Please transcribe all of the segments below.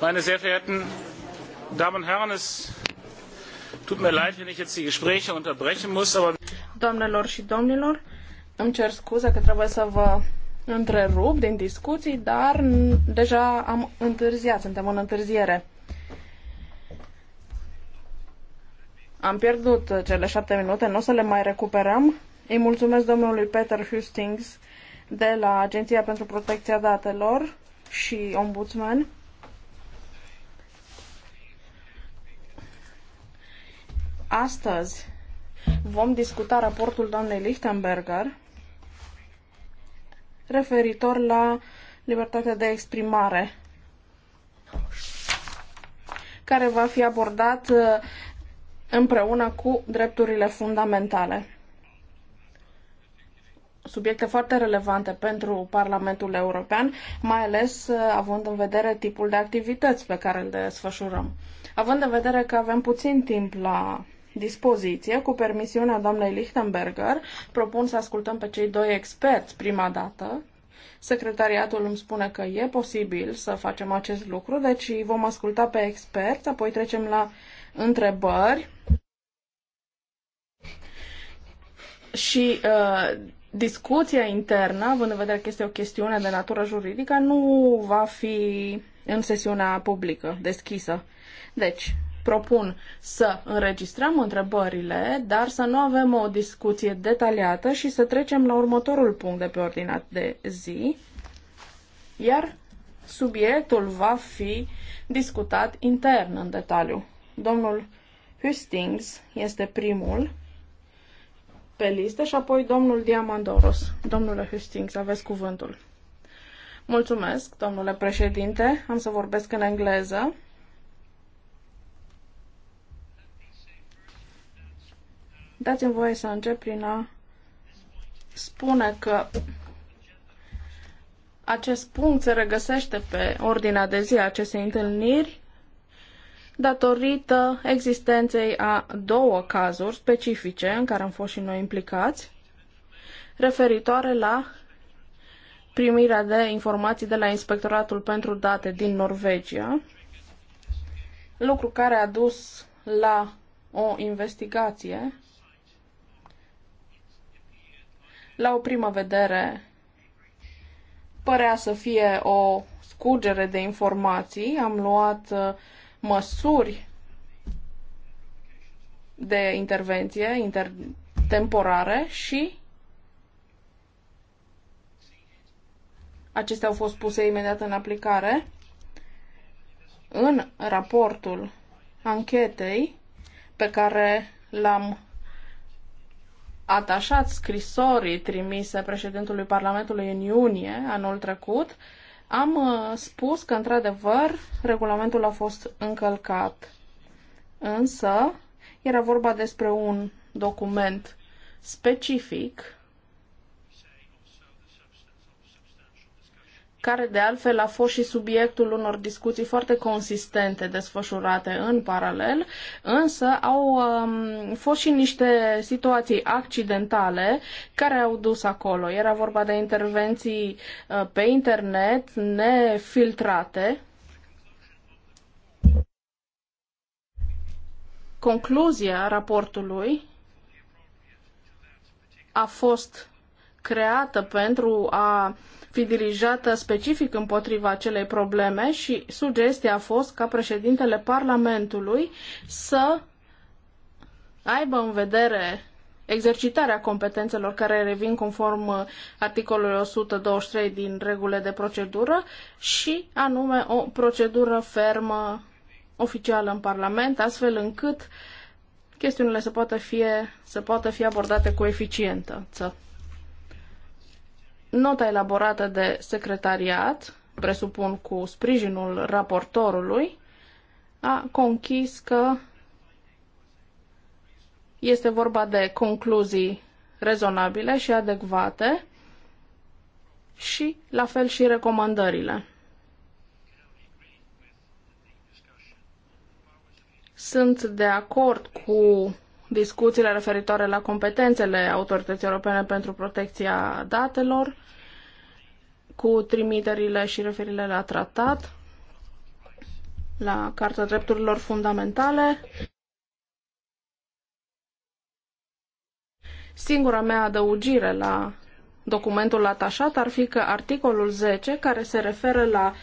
Meine sehr verehrten Damen und Herren, es tut mir leid, wenn ich jetzt die Gespräche unterbrechen muss, aber Doamnelor și domnilor, îmi cer scuze că trebuie să vă întrerup din discuții, dar deja am întârziat, suntem în întârziere. Am pierdut cele șapte minute, nu o să le mai recuperăm. Îi mulțumesc domnului Peter Hustings de la Agenția pentru Protecția Datelor și Ombudsman. Astăzi vom discuta raportul doamnei Lichtenberger referitor la libertatea de exprimare, care va fi abordat uh, împreună cu drepturile fundamentale subiecte foarte relevante pentru Parlamentul European, mai ales uh, având în vedere tipul de activități pe care îl desfășurăm. Având în vedere că avem puțin timp la dispoziție, cu permisiunea doamnei Lichtenberger, propun să ascultăm pe cei doi experți prima dată. Secretariatul îmi spune că e posibil să facem acest lucru, deci vom asculta pe experți, apoi trecem la întrebări. Și uh, discuția internă, având în vedere că este o chestiune de natură juridică, nu va fi în sesiunea publică deschisă. Deci, propun să înregistrăm întrebările, dar să nu avem o discuție detaliată și să trecem la următorul punct de pe ordinea de zi, iar subiectul va fi discutat intern în detaliu. Domnul Hustings este primul pe listă și apoi domnul Diamandoros. Domnule Hustings, aveți cuvântul. Mulțumesc, domnule președinte. Am să vorbesc în engleză. Dați-mi voie să încep prin a spune că acest punct se regăsește pe ordinea de zi a acestei întâlniri datorită existenței a două cazuri specifice în care am fost și noi implicați, referitoare la primirea de informații de la Inspectoratul pentru Date din Norvegia, lucru care a dus la o investigație. La o primă vedere, părea să fie o scurgere de informații. Am luat uh, măsuri de intervenție intertemporare și acestea au fost puse imediat în aplicare. În raportul anchetei pe care l-am atașat scrisorii trimise președintului Parlamentului în iunie anul trecut, am uh, spus că, într-adevăr, regulamentul a fost încălcat, însă era vorba despre un document specific care de altfel a fost și subiectul unor discuții foarte consistente desfășurate în paralel, însă au um, fost și niște situații accidentale care au dus acolo. Era vorba de intervenții uh, pe internet nefiltrate, concluzia raportului a fost creată pentru a fi dirijată specific împotriva acelei probleme și sugestia a fost ca președintele Parlamentului să aibă în vedere exercitarea competențelor care revin conform uh, articolului 123 din regulile de procedură și anume o procedură fermă oficială în Parlament, astfel încât chestiunile să poată fi, să poată fi abordate cu eficiență nota elaborată de secretariat, presupun cu sprijinul raportorului, a conchis că este vorba de concluzii rezonabile și adecvate și la fel și recomandările. Sunt de acord cu discuțiile referitoare la competențele Autorității Europene pentru Protecția Datelor, cu trimiterile și referirile la tratat, la Carta Drepturilor Fundamentale. Singura mea adăugire la documentul atașat ar fi că articolul 10, care se referă la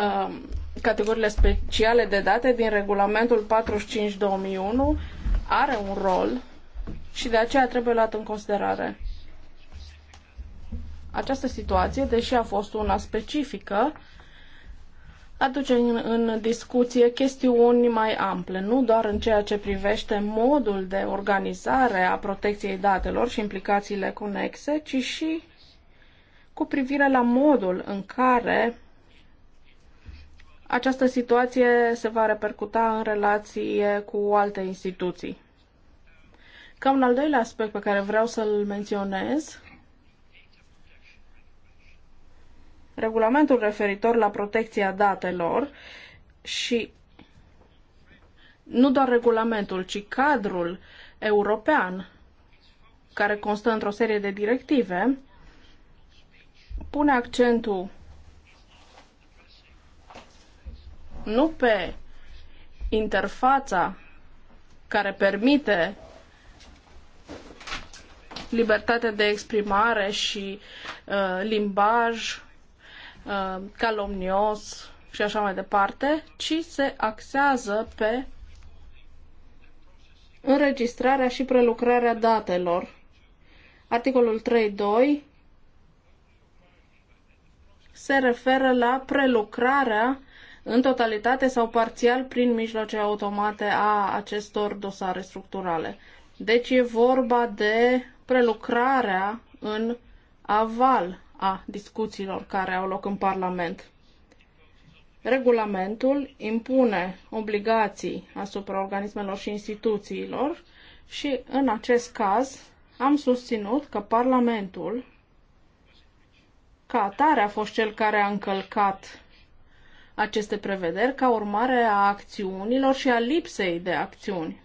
uh, categoriile speciale de date din regulamentul 45-2001, are un rol și de aceea trebuie luat în considerare. Această situație, deși a fost una specifică, aduce în, în discuție chestiuni mai ample, nu doar în ceea ce privește modul de organizare a protecției datelor și implicațiile conexe, ci și cu privire la modul în care această situație se va repercuta în relație cu alte instituții. Cam un al doilea aspect pe care vreau să-l menționez, regulamentul referitor la protecția datelor și nu doar regulamentul, ci cadrul european care constă într-o serie de directive, pune accentul nu pe interfața care permite libertatea de exprimare și uh, limbaj uh, calomnios și așa mai departe, ci se axează pe înregistrarea și prelucrarea datelor. Articolul 3.2 se referă la prelucrarea în totalitate sau parțial prin mijloace automate a acestor dosare structurale. Deci e vorba de prelucrarea în aval a discuțiilor care au loc în Parlament. Regulamentul impune obligații asupra organismelor și instituțiilor și, în acest caz, am susținut că Parlamentul, ca atare, a fost cel care a încălcat aceste prevederi ca urmare a acțiunilor și a lipsei de acțiuni.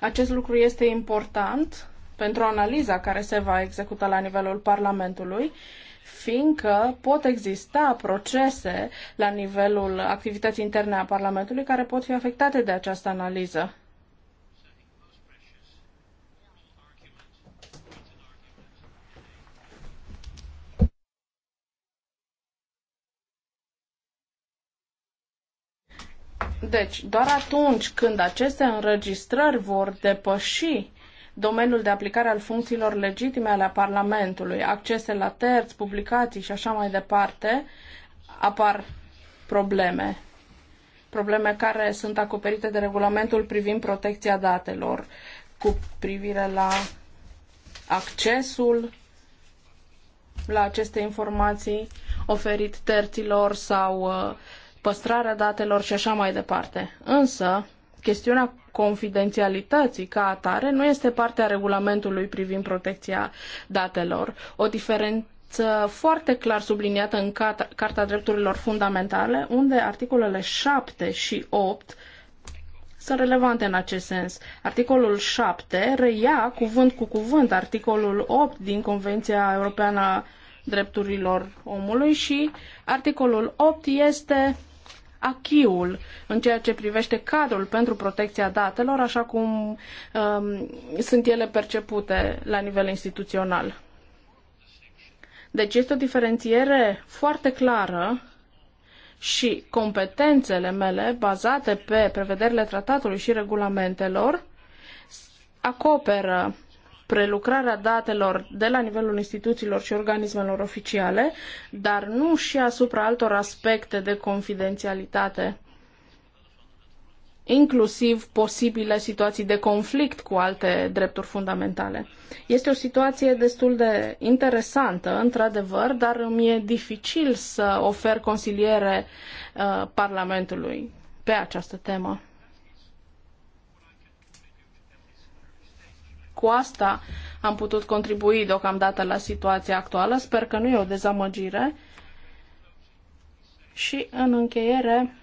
Acest lucru este important pentru analiza care se va executa la nivelul Parlamentului, fiindcă pot exista procese la nivelul activității interne a Parlamentului care pot fi afectate de această analiză. Deci, doar atunci când aceste înregistrări vor depăși domeniul de aplicare al funcțiilor legitime ale Parlamentului, accese la terți, publicații și așa mai departe, apar probleme. Probleme care sunt acoperite de regulamentul privind protecția datelor cu privire la accesul la aceste informații oferit terților sau uh, păstrarea datelor și așa mai departe. Însă, chestiunea confidențialității ca atare nu este parte a regulamentului privind protecția datelor. O diferență foarte clar subliniată în Carta, Drepturilor Fundamentale, unde articolele 7 și 8 sunt relevante în acest sens. Articolul 7 reia cuvânt cu cuvânt articolul 8 din Convenția Europeană a Drepturilor Omului și articolul 8 este achiul în ceea ce privește cadrul pentru protecția datelor, așa cum um, sunt ele percepute la nivel instituțional. Deci este o diferențiere foarte clară și competențele mele bazate pe prevederile tratatului și regulamentelor acoperă prelucrarea datelor de la nivelul instituțiilor și organismelor oficiale, dar nu și asupra altor aspecte de confidențialitate inclusiv posibile situații de conflict cu alte drepturi fundamentale. Este o situație destul de interesantă, într-adevăr, dar îmi e dificil să ofer consiliere uh, Parlamentului pe această temă. Cu asta am putut contribui deocamdată la situația actuală. Sper că nu e o dezamăgire. Și în încheiere,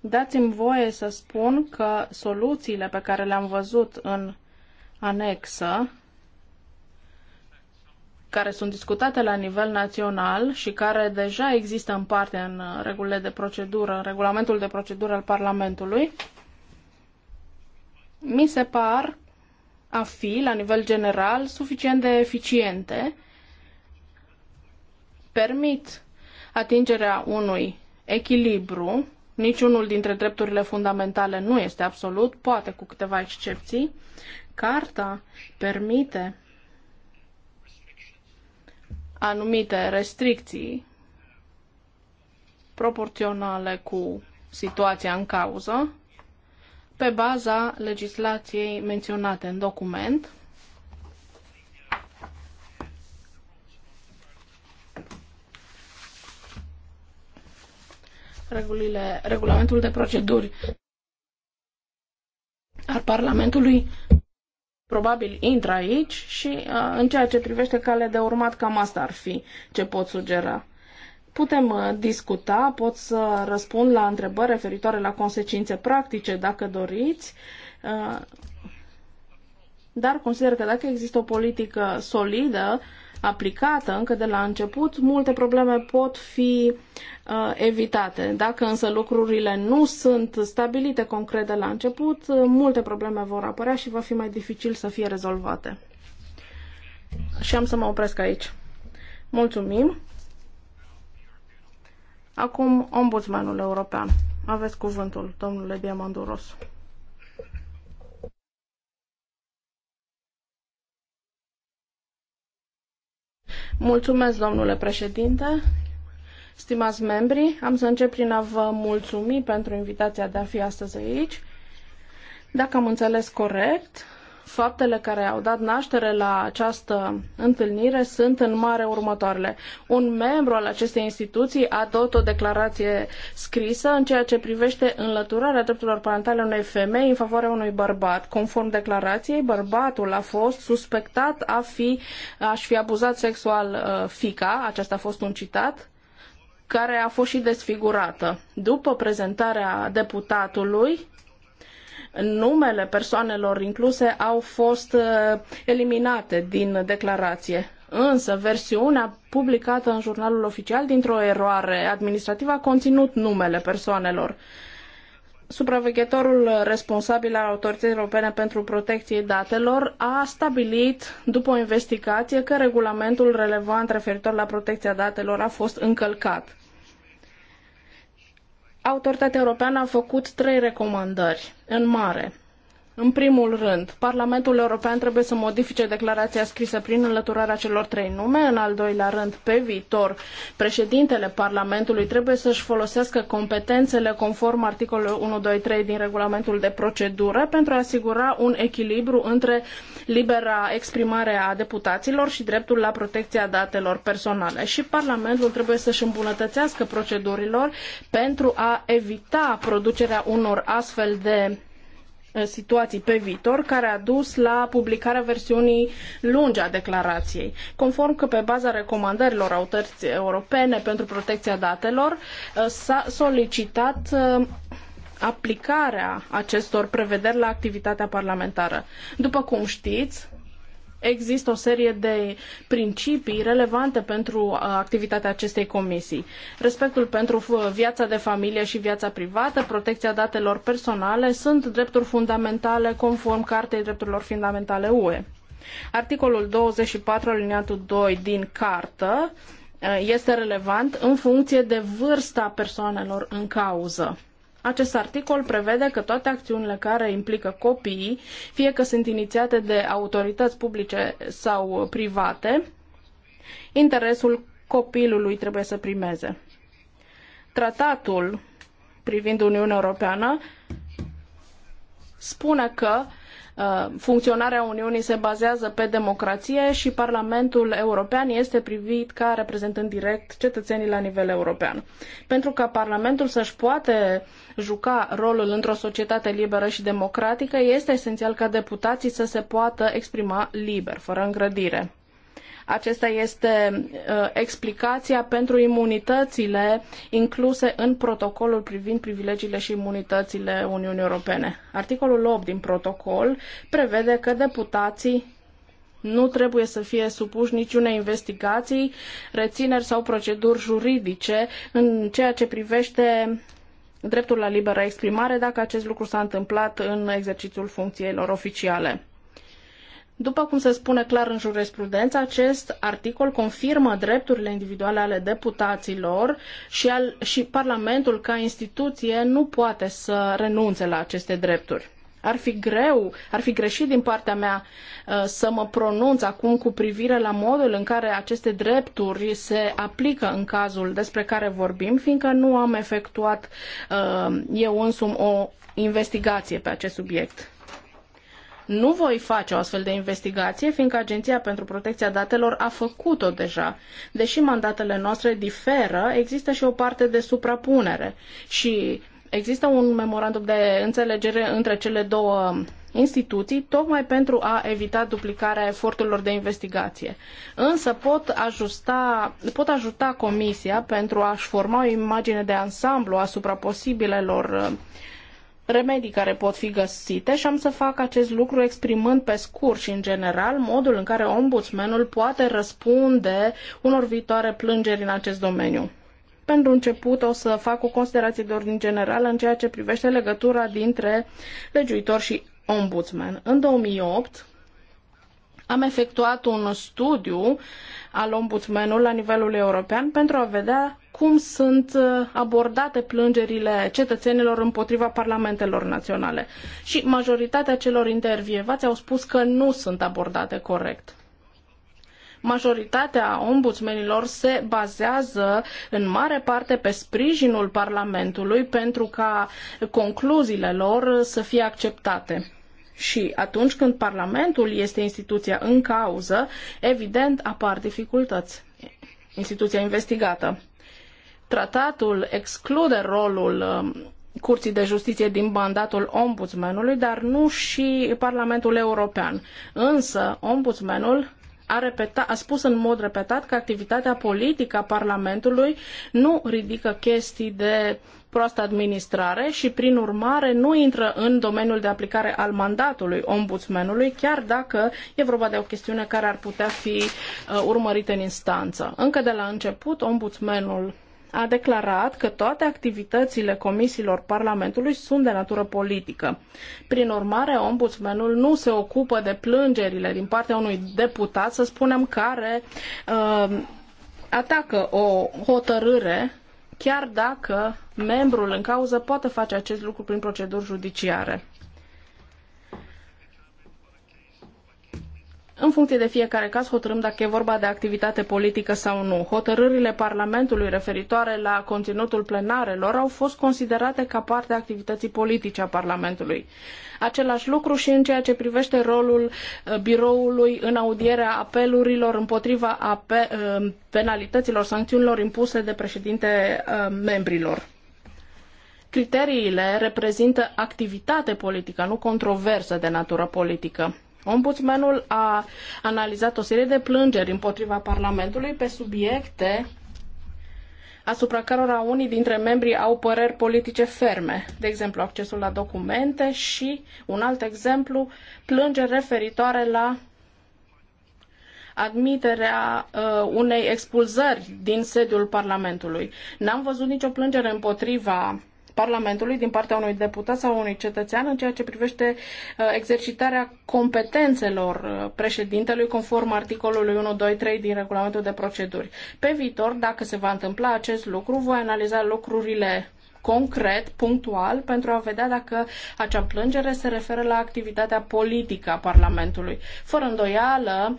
dați-mi voie să spun că soluțiile pe care le-am văzut în anexă, care sunt discutate la nivel național și care deja există în parte în regulile de procedură, în regulamentul de procedură al Parlamentului, mi se par a fi, la nivel general, suficient de eficiente, permit atingerea unui echilibru, niciunul dintre drepturile fundamentale nu este absolut, poate cu câteva excepții. Carta permite anumite restricții proporționale cu situația în cauză, pe baza legislației menționate în document. Regulile, regulamentul de proceduri al Parlamentului probabil intră aici și uh, în ceea ce privește calea de urmat, cam asta ar fi ce pot sugera. Putem uh, discuta, pot să răspund la întrebări referitoare la consecințe practice, dacă doriți, uh, dar consider că dacă există o politică solidă, aplicată încă de la început, multe probleme pot fi uh, evitate. Dacă însă lucrurile nu sunt stabilite concret de la început, uh, multe probleme vor apărea și va fi mai dificil să fie rezolvate. Și am să mă opresc aici. Mulțumim! Acum, ombudsmanul european. Aveți cuvântul, domnule Diamanduros. Mulțumesc, domnule președinte. Stimați membri, am să încep prin a vă mulțumi pentru invitația de a fi astăzi aici. Dacă am înțeles corect, Faptele care au dat naștere la această întâlnire sunt în mare următoarele. Un membru al acestei instituții a dat o declarație scrisă în ceea ce privește înlăturarea drepturilor parentale unei femei în favoarea unui bărbat. Conform declarației, bărbatul a fost suspectat a fi, aș fi abuzat sexual uh, fica, aceasta a fost un citat, care a fost și desfigurată. După prezentarea deputatului, numele persoanelor incluse au fost uh, eliminate din declarație. Însă, versiunea publicată în jurnalul oficial, dintr-o eroare administrativă, a conținut numele persoanelor. Supraveghetorul responsabil al Autorității Europene pentru Protecție Datelor a stabilit, după o investigație, că regulamentul relevant referitor la protecția datelor a fost încălcat. Autoritatea Europeană a făcut trei recomandări în mare. În primul rând, Parlamentul European trebuie să modifice declarația scrisă prin înlăturarea celor trei nume. În al doilea rând, pe viitor, președintele Parlamentului trebuie să-și folosească competențele conform articolului 123 din regulamentul de procedură pentru a asigura un echilibru între libera exprimare a deputaților și dreptul la protecția datelor personale. Și Parlamentul trebuie să-și îmbunătățească procedurilor pentru a evita producerea unor astfel de Uh, situații pe viitor, care a dus la publicarea versiunii lungi a declarației, conform că pe baza recomandărilor autorității europene pentru protecția datelor uh, s-a solicitat uh, aplicarea acestor prevederi la activitatea parlamentară. După cum știți, există o serie de principii relevante pentru uh, activitatea acestei comisii. Respectul pentru uh, viața de familie și viața privată, protecția datelor personale sunt drepturi fundamentale conform Cartei Drepturilor Fundamentale UE. Articolul 24 alineatul 2 din cartă uh, este relevant în funcție de vârsta persoanelor în cauză. Acest articol prevede că toate acțiunile care implică copiii, fie că sunt inițiate de autorități publice sau private, interesul copilului trebuie să primeze. Tratatul privind Uniunea Europeană spune că Uh, funcționarea Uniunii se bazează pe democrație și Parlamentul European este privit ca reprezentând direct cetățenii la nivel european. Pentru ca Parlamentul să-și poate juca rolul într-o societate liberă și democratică, este esențial ca deputații să se poată exprima liber, fără îngrădire. Acesta este uh, explicația pentru imunitățile incluse în protocolul privind privilegiile și imunitățile Uniunii Europene. Articolul 8 din protocol prevede că deputații nu trebuie să fie supuși niciunei investigații, rețineri sau proceduri juridice în ceea ce privește dreptul la liberă exprimare dacă acest lucru s-a întâmplat în exercițiul funcțiilor oficiale. După cum se spune clar în jurisprudență, acest articol confirmă drepturile individuale ale deputaților și, al, și Parlamentul ca instituție nu poate să renunțe la aceste drepturi. Ar fi greu, ar fi greșit din partea mea uh, să mă pronunț acum cu privire la modul în care aceste drepturi se aplică în cazul despre care vorbim, fiindcă nu am efectuat uh, eu însumi o investigație pe acest subiect. Nu voi face o astfel de investigație, fiindcă Agenția pentru Protecția Datelor a făcut-o deja. Deși mandatele noastre diferă, există și o parte de suprapunere și există un memorandum de înțelegere între cele două instituții, tocmai pentru a evita duplicarea eforturilor de investigație. Însă pot, ajusta, pot ajuta Comisia pentru a-și forma o imagine de ansamblu asupra posibilelor remedii care pot fi găsite și am să fac acest lucru exprimând pe scurt și în general modul în care ombudsmanul poate răspunde unor viitoare plângeri în acest domeniu. Pentru început o să fac o considerație de ordin general în ceea ce privește legătura dintre legiuitor și ombudsman. În 2008, am efectuat un studiu al ombudsmanului la nivelul european pentru a vedea cum sunt uh, abordate plângerile cetățenilor împotriva parlamentelor naționale. Și majoritatea celor intervievați au spus că nu sunt abordate corect majoritatea ombudsmenilor se bazează în mare parte pe sprijinul Parlamentului pentru ca concluziile lor să fie acceptate. Și atunci când Parlamentul este instituția în cauză, evident apar dificultăți. Instituția investigată. Tratatul exclude rolul um, Curții de Justiție din mandatul ombudsmanului, dar nu și Parlamentul European. Însă, ombudsmanul a, repeta, a spus în mod repetat că activitatea politică a Parlamentului nu ridică chestii de uh, proastă administrare și, prin urmare, nu intră în domeniul de aplicare al mandatului ombudsmanului, chiar dacă e vorba de o chestiune care ar putea fi uh, urmărită în instanță. Încă de la început, ombudsmanul a declarat că toate activitățile comisiilor Parlamentului sunt de natură politică. Prin urmare, ombudsmanul nu se ocupă de plângerile din partea unui deputat, să spunem, care uh, atacă o hotărâre chiar dacă membrul în cauză poate face acest lucru prin proceduri judiciare. În funcție de fiecare caz hotărâm dacă e vorba de activitate politică sau nu. Hotărârile Parlamentului referitoare la conținutul plenarelor au fost considerate ca parte a activității politice a Parlamentului. Același lucru și în ceea ce privește rolul uh, biroului în audierea apelurilor împotriva ape- uh, penalităților, sancțiunilor impuse de președinte uh, membrilor. Criteriile reprezintă activitate politică, nu controversă de natură politică. Ombudsmanul a analizat o serie de plângeri împotriva Parlamentului pe subiecte asupra cărora unii dintre membri au păreri politice ferme, de exemplu accesul la documente și, un alt exemplu, plângeri referitoare la admiterea uh, unei expulzări din sediul Parlamentului. N-am văzut nicio plângere împotriva Parlamentului din partea unui deputat sau unui cetățean în ceea ce privește uh, exercitarea competențelor uh, președintelui conform articolului 123 din regulamentul de proceduri. Pe viitor, dacă se va întâmpla acest lucru, voi analiza lucrurile concret, punctual, pentru a vedea dacă acea plângere se referă la activitatea politică a Parlamentului. Fără îndoială,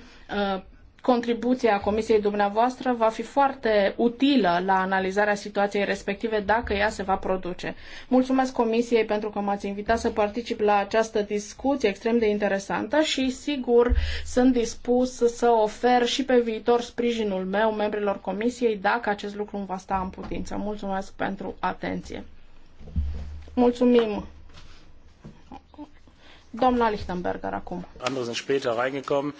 uh, contribuția comisiei dumneavoastră va fi foarte utilă la analizarea situației respective dacă ea se va produce. Mulțumesc comisiei pentru că m-ați invitat să particip la această discuție extrem de interesantă și sigur sunt dispus să ofer și pe viitor sprijinul meu membrilor comisiei dacă acest lucru îmi va sta în putință. Mulțumesc pentru atenție. Mulțumim. Domnul Lichtenberger acum. Andere sind später reingekommen.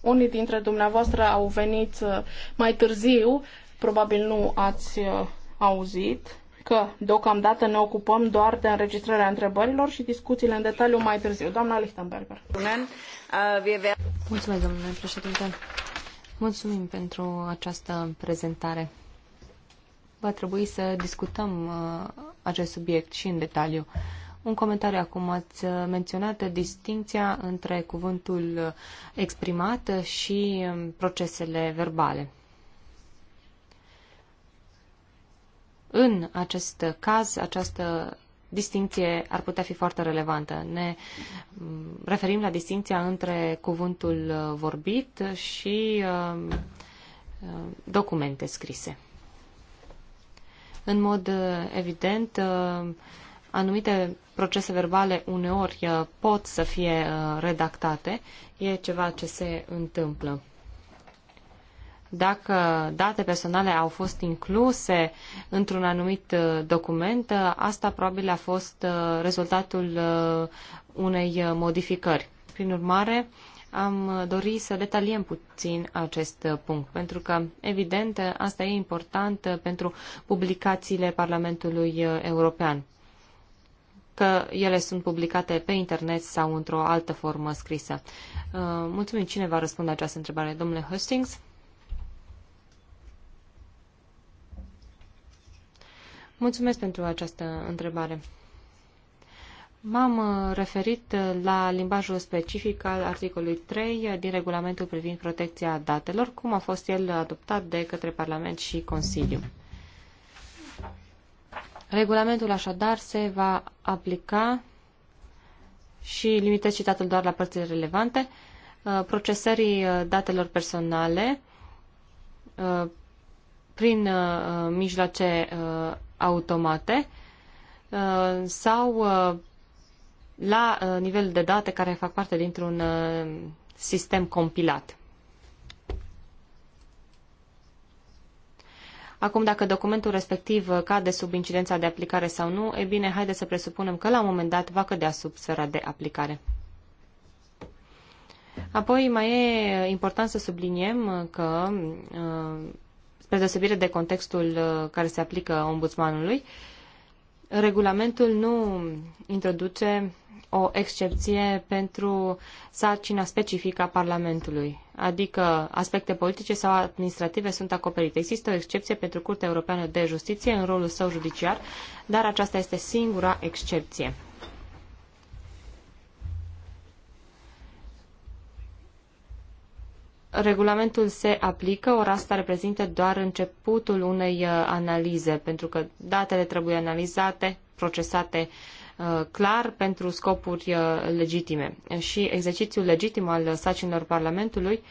Unii dintre dumneavoastră au venit uh, mai târziu, probabil nu ați uh, auzit că deocamdată ne ocupăm doar de înregistrarea întrebărilor și discuțiile în detaliu mai târziu. Doamna Lichtenberger. Mulțumesc, uh, domnule președinte. Mulțumim pentru această prezentare. Va trebui să discutăm acest subiect și în detaliu. Un comentariu acum. Ați uh, menționat distinția între cuvântul uh, exprimat și um, procesele verbale. În acest caz, această distinție ar putea fi foarte relevantă. Ne um, referim la distinția între cuvântul uh, vorbit și um, documente scrise. În mod evident, anumite procese verbale uneori uh, pot să fie uh, redactate, e ceva ce se întâmplă. Dacă date personale au fost incluse într-un anumit uh, document, asta probabil a fost rezultatul unei modificări. Prin urmare, am dorit să detaliem puțin acest punct, pentru că, evident, asta e important pentru publicațiile Parlamentului European că ele sunt publicate pe internet sau într-o altă formă scrisă. Uh, mulțumim. Cine va răspunde această întrebare? Domnule Hustings? Mulțumesc pentru această întrebare. M-am uh, referit la limbajul specific al articolului 3 din regulamentul privind protecția datelor, cum a fost el adoptat de către Parlament și Consiliu. Regulamentul așadar se va aplica și limitez citatul doar la părțile relevante, uh, procesării uh, datelor personale uh, prin mijloace automate sau la nivel de date care fac parte dintr-un sistem compilat. Acum, dacă documentul respectiv cade sub incidența de aplicare sau nu, e bine, haide să presupunem că la un moment dat va cădea sub sfera de aplicare. Apoi mai e important să subliniem că, uh, spre deosebire de contextul uh, care se aplică ombudsmanului, regulamentul nu introduce o excepție pentru sarcina specifică a Parlamentului, adică aspecte politice sau administrative sunt acoperite. Există o excepție pentru Curtea Europeană de Justiție în rolul său judiciar, dar aceasta este singura excepție. regulamentul se aplică, ori asta reprezintă doar începutul unei uh, analize, pentru că datele trebuie analizate, procesate Uh, clar pentru scopuri uh, legitime. Și exercițiul legitim al sacinilor Parlamentului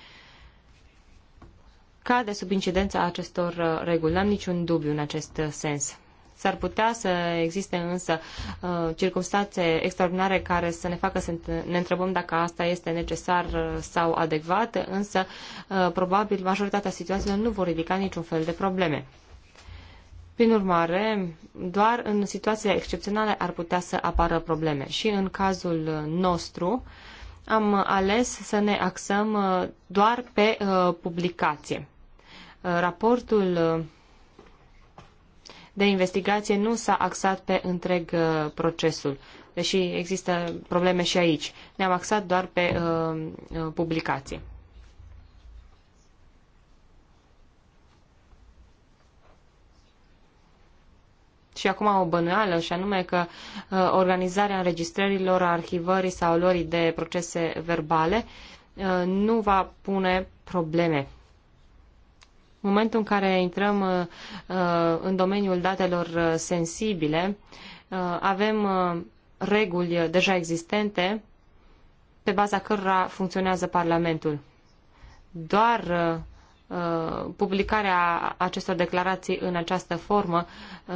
cade sub incidența acestor uh, reguli. N-am niciun dubiu în acest sens. S-ar putea să existe însă uh, circunstanțe extraordinare care să ne facă să ne întrebăm dacă asta este necesar sau adecvat, însă probabil majoritatea situațiilor nu vor ridica niciun fel de probleme. Prin urmare, doar în situațiile excepționale ar putea să apară probleme. Și în cazul nostru am ales să ne axăm uh, doar pe uh, publicație. Uh, raportul de investigație nu s-a axat pe întreg procesul, deși există probleme și aici. Ne-am axat doar pe publicație. și acum o bănuială, și anume că uh, organizarea înregistrărilor, arhivării sau luării de procese verbale uh, nu va pune probleme momentul în care intrăm uh, uh în domeniul datelor sensibile, uh, avem uh, reguli deja existente pe baza cărora funcționează Parlamentul. Doar Uh, publicarea acestor declarații în această formă uh,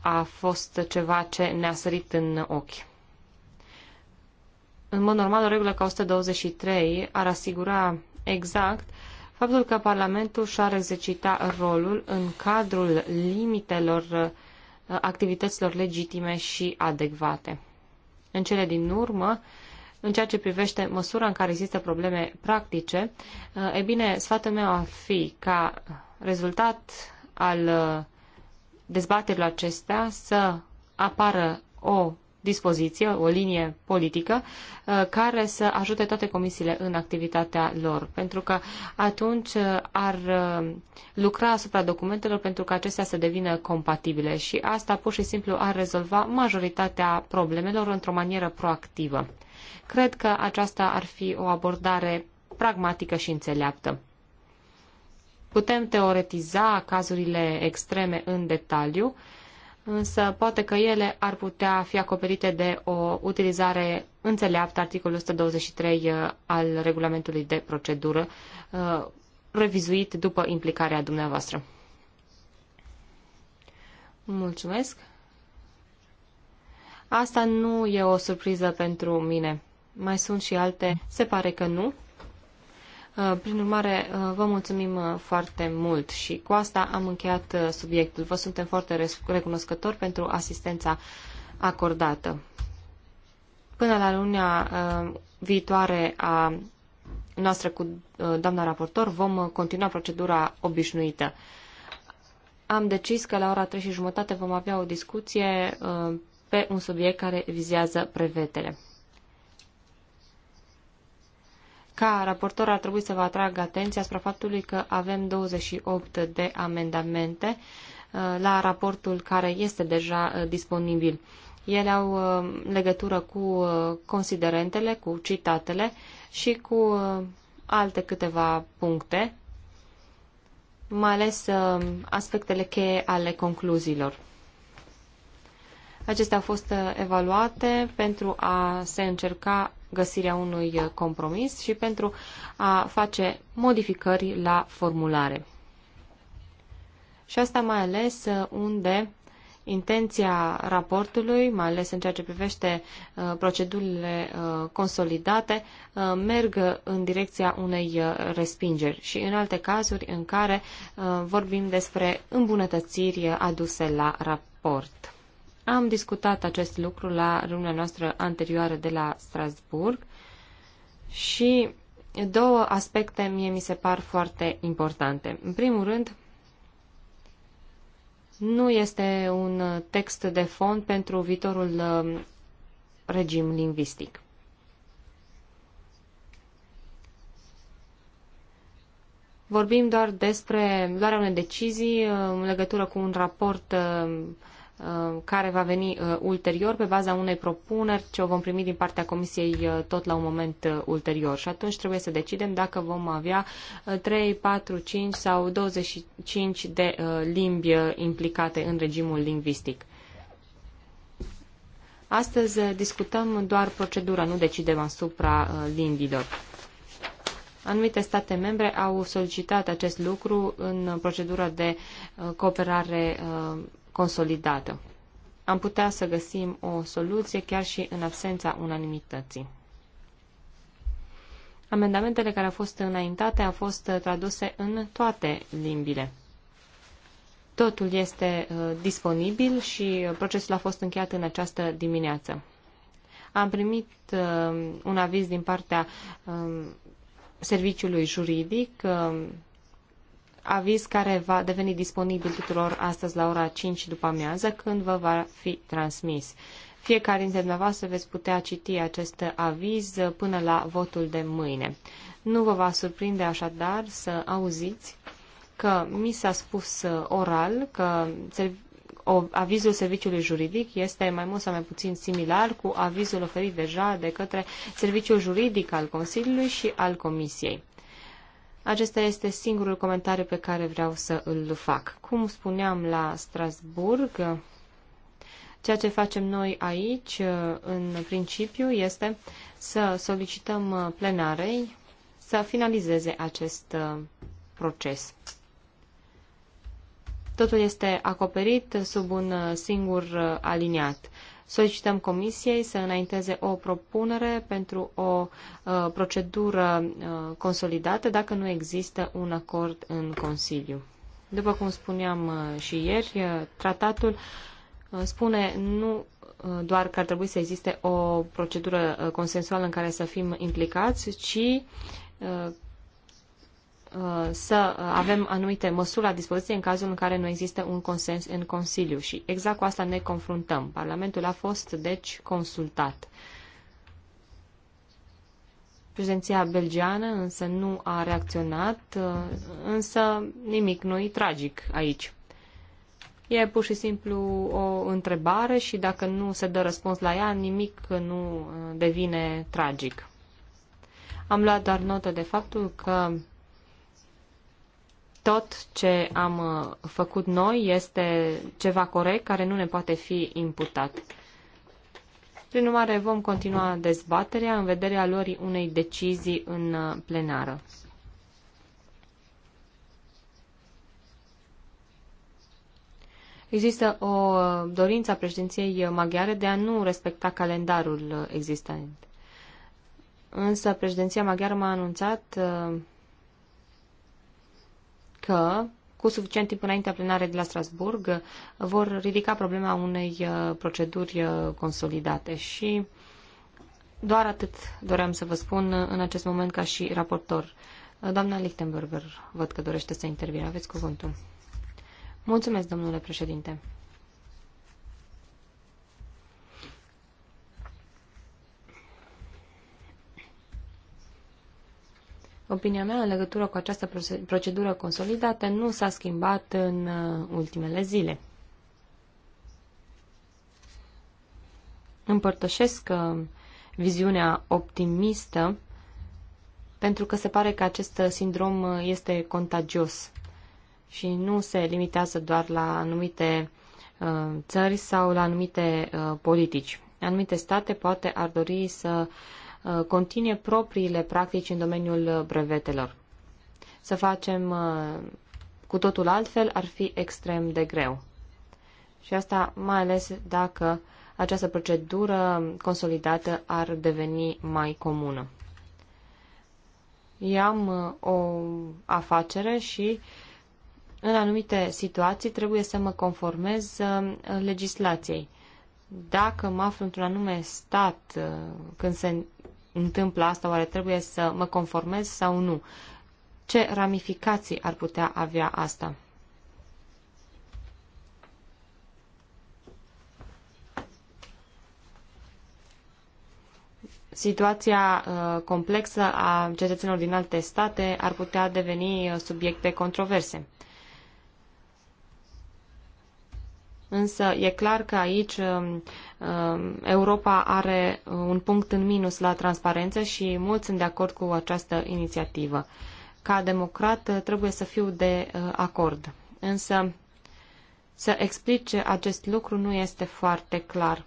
a fost ceva ce ne-a sărit în ochi. În mod normal, o regulă ca 123 ar asigura exact faptul că Parlamentul și-ar exercita rolul în cadrul limitelor uh, activităților legitime și adecvate. În cele din urmă, uh, în ceea ce privește măsura în care există probleme practice, uh, e bine, sfatul meu ar fi ca rezultat al uh, dezbaterilor acestea să apară o dispoziție, o linie politică uh, care să ajute toate comisiile în activitatea lor, pentru că atunci ar lucra asupra documentelor pentru că acestea să devină compatibile și asta pur și simplu ar rezolva majoritatea problemelor într-o manieră proactivă. Cred că aceasta ar fi o abordare pragmatică și înțeleaptă. Putem teoretiza cazurile extreme în detaliu, însă poate că ele ar putea fi acoperite de o utilizare înțeleaptă articolul 123 uh, al regulamentului de procedură, uh, revizuit după implicarea dumneavoastră. Mulțumesc! Asta nu e o surpriză pentru mine. Mai sunt și alte? Se pare că nu. Uh, prin urmare, uh, vă mulțumim uh, foarte mult și cu asta am încheiat subiectul. Vă suntem foarte recunoscători pentru asistența acordată. Până la lunea viitoare a noastră cu doamna raportor vom continua procedura obișnuită. Am decis că la ora 3 și jumătate vom avea o discuție pe un subiect care vizează prevetele. ca raportor ar trebui să vă atrag atenția asupra faptului că avem 28 de amendamente uh, la raportul care este deja uh, disponibil. Ele au uh, legătură cu considerentele, cu citatele și cu alte câteva puncte, mai ales aspectele cheie ale concluziilor. Acestea au fost evaluate pentru a se încerca găsirea unui uh, compromis și pentru a face modificări la formulare. Și asta mai ales uh, unde intenția raportului, mai ales în ceea ce privește uh, procedurile consolidate, merg în direcția unei respingeri și în alte cazuri în care vorbim despre îmbunătățiri aduse la raport. Am discutat acest lucru la reuniunea noastră anterioară de la Strasburg și două aspecte mie mi se par foarte importante. În primul rând, nu este un text de fond pentru viitorul um, regim lingvistic. Vorbim doar despre luarea unei decizii uh, în legătură cu un raport um, Uh, care va veni uh, ulterior pe baza unei propuneri ce o vom primi din partea Comisiei uh, tot la un moment ulterior. Și atunci trebuie să decidem dacă vom avea 3, 4, 5 sau 25 de limbi implicate în regimul lingvistic. Astăzi discutăm doar procedura, nu decidem asupra limbilor. Anumite state membre au solicitat acest lucru în procedura de cooperare consolidată. Am putea să găsim o soluție chiar și în absența unanimității. Amendamentele care au fost înaintate au fost uh, traduse în toate limbile. Totul este uh, disponibil și uh, procesul a fost încheiat în această dimineață. Am primit un aviz din partea um, serviciului juridic um, aviz care va deveni disponibil tuturor astăzi la ora 5 după amiază, când vă va fi transmis. Fiecare dintre dumneavoastră veți putea citi acest aviz până la votul de mâine. Nu vă va surprinde așadar să auziți că mi s-a spus oral că avizul serviciului juridic este mai mult sau mai puțin similar cu avizul oferit deja de către serviciul juridic al Consiliului și al Comisiei. Acesta este singurul comentariu pe care vreau să îl fac. Cum spuneam la Strasburg, ceea ce facem noi aici, în principiu, este să solicităm plenarei să finalizeze acest uh, proces. Totul este acoperit sub un uh, singur uh, aliniat. Solicităm Comisiei să înainteze o propunere pentru o uh, procedură uh, consolidată dacă nu există un acord în Consiliu. După cum spuneam uh, și ieri, uh, tratatul uh, spune nu uh, doar că ar trebui să existe o procedură consensuală în care să fim implicați, ci Uh, să avem anumite măsuri la dispoziție în cazul în care nu există un consens în Consiliu și exact cu asta ne confruntăm. Parlamentul a fost, deci, consultat. Prezenția belgiană însă nu a reacționat, uh, însă nimic nu e tragic aici. E pur și simplu o întrebare și dacă nu se dă răspuns la ea, nimic nu uh, devine tragic. Am luat doar notă de faptul că tot ce am uh, făcut noi este ceva corect care nu ne poate fi imputat. Prin urmare, vom continua dezbaterea în vederea luării unei decizii în uh, plenară. Există o uh, dorință a președinției maghiare de a nu respecta calendarul existent. Însă președinția maghiară m-a anunțat că cu suficient timp înaintea plenare de la Strasburg vor ridica problema unei uh, proceduri uh, consolidate și doar atât doream să vă spun în acest moment ca și raportor. Uh, doamna Lichtenberger, văd că dorește să intervină. Aveți cuvântul. Mulțumesc, domnule președinte. Opinia mea în legătură cu această procedură consolidată nu s-a schimbat în uh, ultimele zile. Împărtășesc uh, viziunea optimistă pentru că se pare că acest uh, sindrom este contagios și nu se limitează doar la anumite țări sau la anumite politici. Anumite state poate ar dori să uh, Uh, continue propriile practici în domeniul uh, brevetelor. Să facem uh, cu totul altfel ar fi extrem de greu. Și asta mai ales dacă această procedură consolidată ar deveni mai comună. Eu am o afacere și în anumite situații trebuie să mă conformez legislației. Dacă mă aflu într-un anume stat când se întâmplă asta, oare trebuie să mă conformez sau nu? Ce ramificații ar putea avea asta? situația uh, complexă a cetățenilor din alte state ar putea deveni uh, subiect de controverse. Însă e clar că aici um, Um, Europa are uh, un punct în minus la transparență și mulți sunt de acord cu această inițiativă. Ca democrat uh, trebuie să fiu de uh, acord, însă să explice acest lucru nu este foarte clar.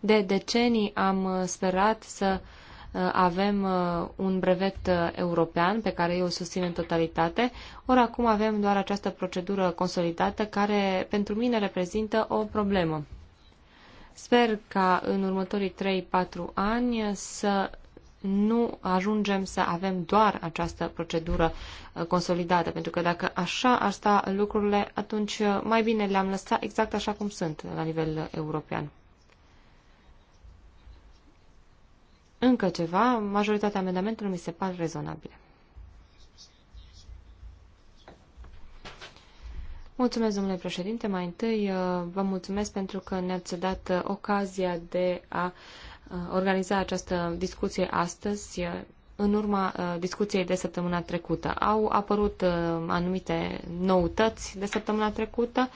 De decenii am sperat să uh, Uh, avem uh, un brevet uh, european pe care eu îl susțin în totalitate, ori acum avem doar această procedură consolidată care pentru mine reprezintă o problemă. Sper ca în următorii 3-4 ani să nu ajungem să avem doar această procedură consolidată, pentru că dacă așa ar sta lucrurile, atunci mai bine le-am lăsat exact așa cum sunt la nivel european. Încă ceva, majoritatea amendamentelor mi se par rezonabile. Mulțumesc, domnule președinte. Mai întâi uh, vă mulțumesc pentru că ne-ați dat uh, ocazia de a uh, organiza această discuție astăzi în urma discuției de săptămâna trecută. Au apărut anumite noutăți de săptămâna trecută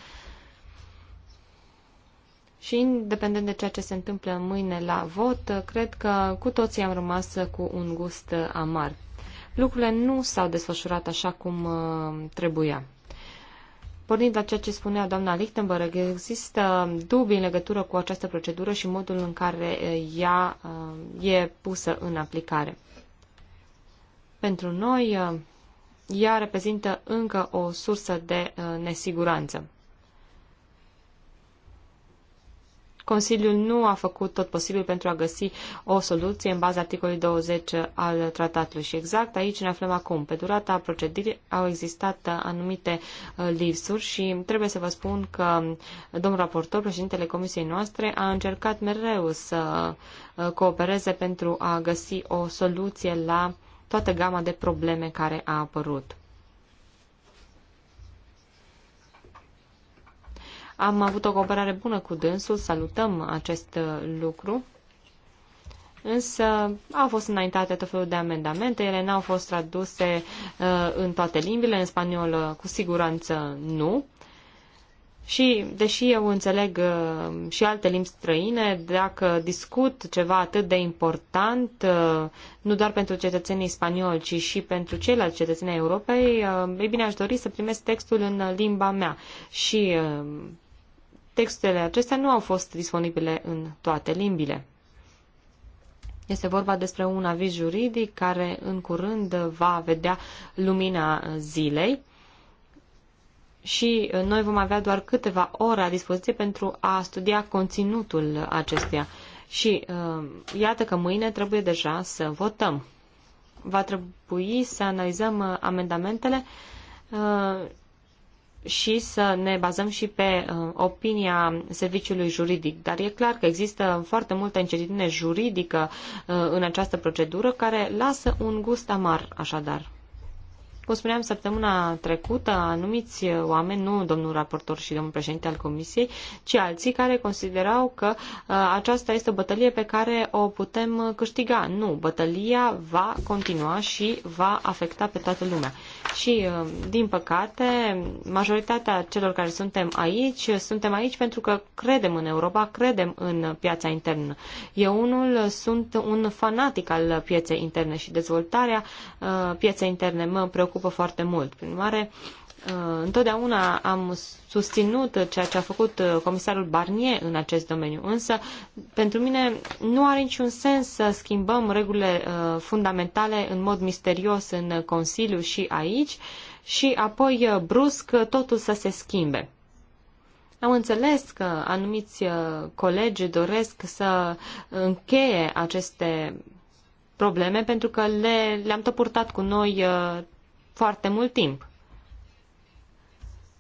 și independent de ceea ce se întâmplă mâine la vot, cred că cu toții am rămas cu un gust amar. Lucrurile nu s-au desfășurat așa cum uh, trebuia. Pornind la ceea ce spunea doamna Lichtenberg, există dubii în legătură cu această procedură și modul în care uh, ea uh, e pusă în aplicare. Pentru noi, ea reprezintă încă o sursă de nesiguranță. Consiliul nu a făcut tot posibil pentru a găsi o soluție în baza articolului 20 al tratatului și exact aici ne aflăm acum. Pe durata procedurii au existat anumite uh, lipsuri și trebuie să vă spun că domnul raportor, președintele comisiei noastre, a încercat mereu să uh, coopereze pentru a găsi o soluție la toată gama de probleme care a apărut. Am avut o cooperare bună cu dânsul, salutăm acest uh, lucru. Însă au fost înaintate tot felul de amendamente, ele n-au fost traduse uh, în toate limbile, în spaniolă cu siguranță nu. Și, deși eu înțeleg uh, și alte limbi străine, dacă discut ceva atât de important, uh, nu doar pentru cetățenii spanioli, ci și pentru ceilalți cetățenii Europei, uh, ei bine, aș dori să primesc textul în limba mea. Și uh, Textele acestea nu au fost disponibile în toate limbile. Este vorba despre un aviz juridic care în curând va vedea lumina zilei și noi vom avea doar câteva ore la dispoziție pentru a studia conținutul acesteia. Și uh, iată că mâine trebuie deja să votăm. Va trebui să analizăm uh, amendamentele uh, și să ne bazăm și pe uh, opinia serviciului juridic. Dar e clar că există foarte multă incertitudine juridică uh, în această procedură care lasă un gust amar, așadar. Cum spuneam săptămâna trecută, anumiți oameni, nu domnul raportor și domnul președinte al comisiei, ci alții care considerau că uh, aceasta este o bătălie pe care o putem câștiga. Nu, bătălia va continua și va afecta pe toată lumea. Și, uh, din păcate, majoritatea celor care suntem aici, suntem aici pentru că credem în Europa, credem în piața internă. Eu unul sunt un fanatic al pieței interne și dezvoltarea uh, pieței interne mă preocupă foarte mult. Prin urmare, uh, Întotdeauna am susținut ceea ce a făcut comisarul Barnier în acest domeniu, însă pentru mine nu are niciun sens să schimbăm regulile fundamentale în mod misterios în Consiliu și aici aici și apoi uh, brusc uh, totul să se schimbe. Am înțeles că anumiți uh, colegi doresc să încheie aceste probleme pentru că le, le-am tot purtat cu noi foarte mult timp.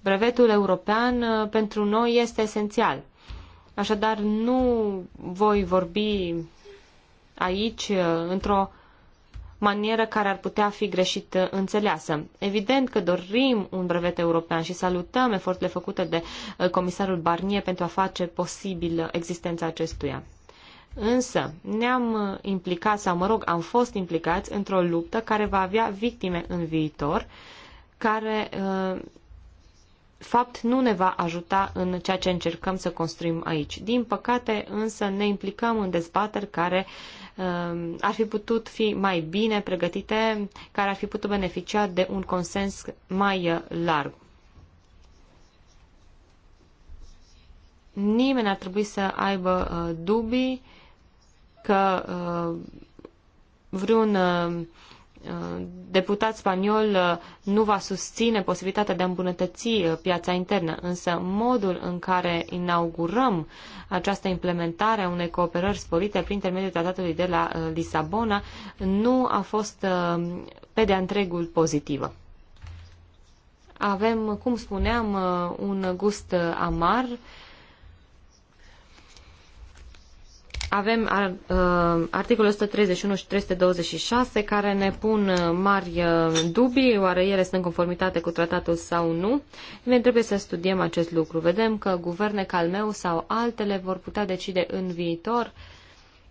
Brevetul european pentru noi este esențial. Așadar, nu voi vorbi aici într-o manieră care ar putea fi greșit uh, înțeleasă. Evident că dorim un brevet european și salutăm eforturile făcute de uh, comisarul Barnier pentru a face posibil uh, existența acestuia. Însă ne-am implicat, sau mă rog, am fost implicați într-o luptă care va avea victime în viitor, care fapt nu ne va ajuta în ceea ce încercăm să construim aici. Din păcate, însă, ne implicăm în dezbateri care uh, Um, ar fi putut fi mai bine pregătite, care ar fi putut beneficia de un consens mai uh, larg. Nimeni ar trebui să aibă uh, dubii că uh, vreun Uh, deputat spaniol uh, nu va susține posibilitatea de a îmbunătăți uh, piața internă, însă modul în care inaugurăm această implementare a unei cooperări sporite prin intermediul tratatului de la Lisabona nu a fost pe de-a întregul pozitivă. Avem, cum spuneam, un gust amar Avem uh, articolul 131 și 326 care ne pun uh, mari uh, dubii, oare ele sunt în conformitate cu tratatul sau nu. Ne trebuie să studiem acest lucru. Vedem că guverne calmeu sau altele vor putea decide în viitor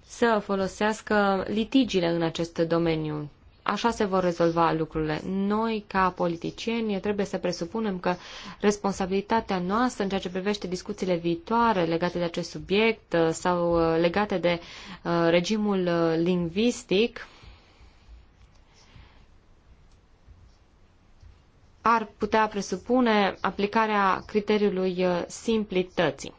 să folosească litigiile în acest domeniu. Așa se vor rezolva lucrurile. Noi, ca politicieni, trebuie să presupunem că responsabilitatea noastră în ceea ce privește discuțiile viitoare legate de acest subiect uh, sau uh, legate de uh, regimul lingvistic, ar putea presupune aplicarea criteriului simplității.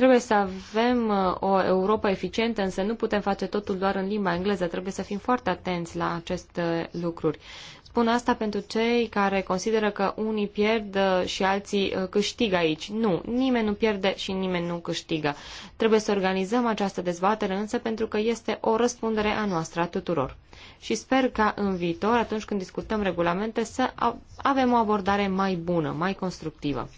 Trebuie să avem uh, o Europa eficientă, însă nu putem face totul doar în limba engleză. Trebuie să fim foarte atenți la aceste lucruri. Spun asta pentru cei care consideră că unii pierd uh, și alții uh, câștigă aici. Nu, nimeni nu pierde și nimeni nu câștigă. Trebuie să organizăm această dezbatere însă pentru că este o răspundere a noastră a tuturor. Și sper ca în viitor, atunci când discutăm regulamente, să avem o abordare mai bună, mai constructivă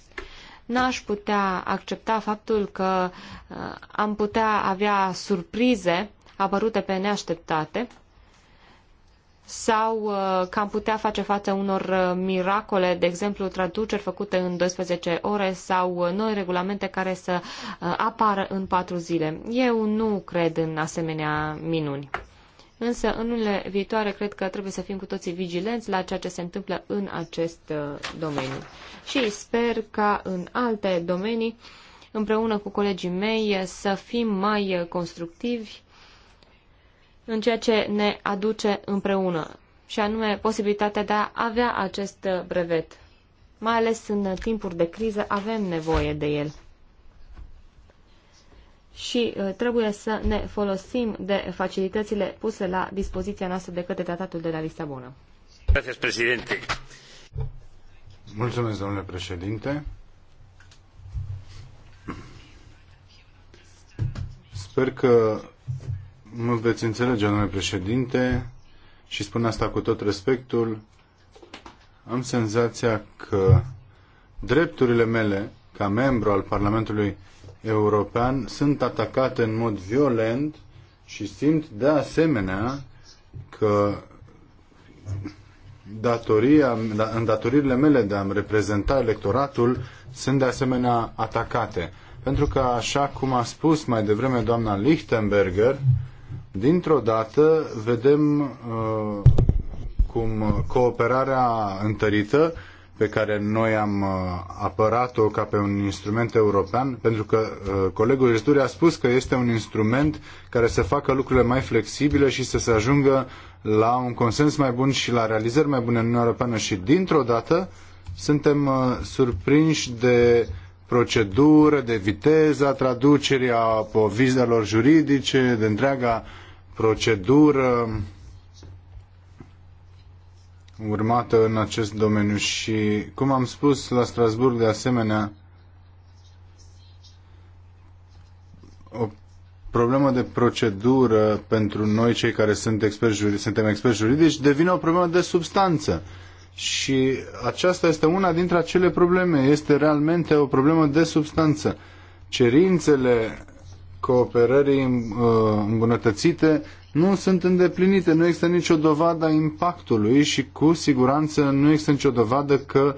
n-aș putea accepta faptul că uh, am putea avea surprize apărute pe neașteptate sau uh, că am putea face față unor uh, miracole, de exemplu traduceri făcute în 12 ore sau noi regulamente care să apară în patru zile. Eu nu cred în asemenea minuni însă în lunile viitoare cred că trebuie să fim cu toții vigilenți la ceea ce se întâmplă în acest uh, domeniu. Și sper ca în alte domenii, împreună cu colegii mei, să fim mai constructivi în ceea ce ne aduce împreună, și anume posibilitatea de a avea acest brevet. Mai ales în timpuri de criză avem nevoie de el și uh, trebuie să ne folosim de facilitățile puse la dispoziția noastră de către Tratatul de la Lisabona. Gracias, președinte. Mulțumesc, domnule președinte. Sper că nu veți înțelege, domnule președinte, și spun asta cu tot respectul. Am senzația că drepturile mele ca membru al Parlamentului european sunt atacate în mod violent și simt de asemenea că datoria, da, datoririle mele de a-mi reprezenta electoratul sunt de asemenea atacate. Pentru că, așa cum a spus mai devreme doamna Lichtenberger, dintr-o dată vedem uh, cum cooperarea întărită pe care noi am uh, apărat-o ca pe un instrument european, pentru că uh, colegul Izduri a spus că este un instrument care să facă lucrurile mai flexibile și să se ajungă la un consens mai bun și la realizări mai bune în Uniunea Europeană și dintr-o dată suntem uh, surprinși de procedură, de viteza traducerii a vizelor juridice, de întreaga procedură urmată în acest domeniu și, cum am spus la Strasburg, de asemenea, o problemă de procedură pentru noi cei care sunt experți juridici, suntem experți juridici devine o problemă de substanță. Și aceasta este una dintre acele probleme. Este realmente o problemă de substanță. Cerințele cooperării uh, îmbunătățite nu sunt îndeplinite, nu există nicio dovadă a impactului și cu siguranță nu există nicio dovadă că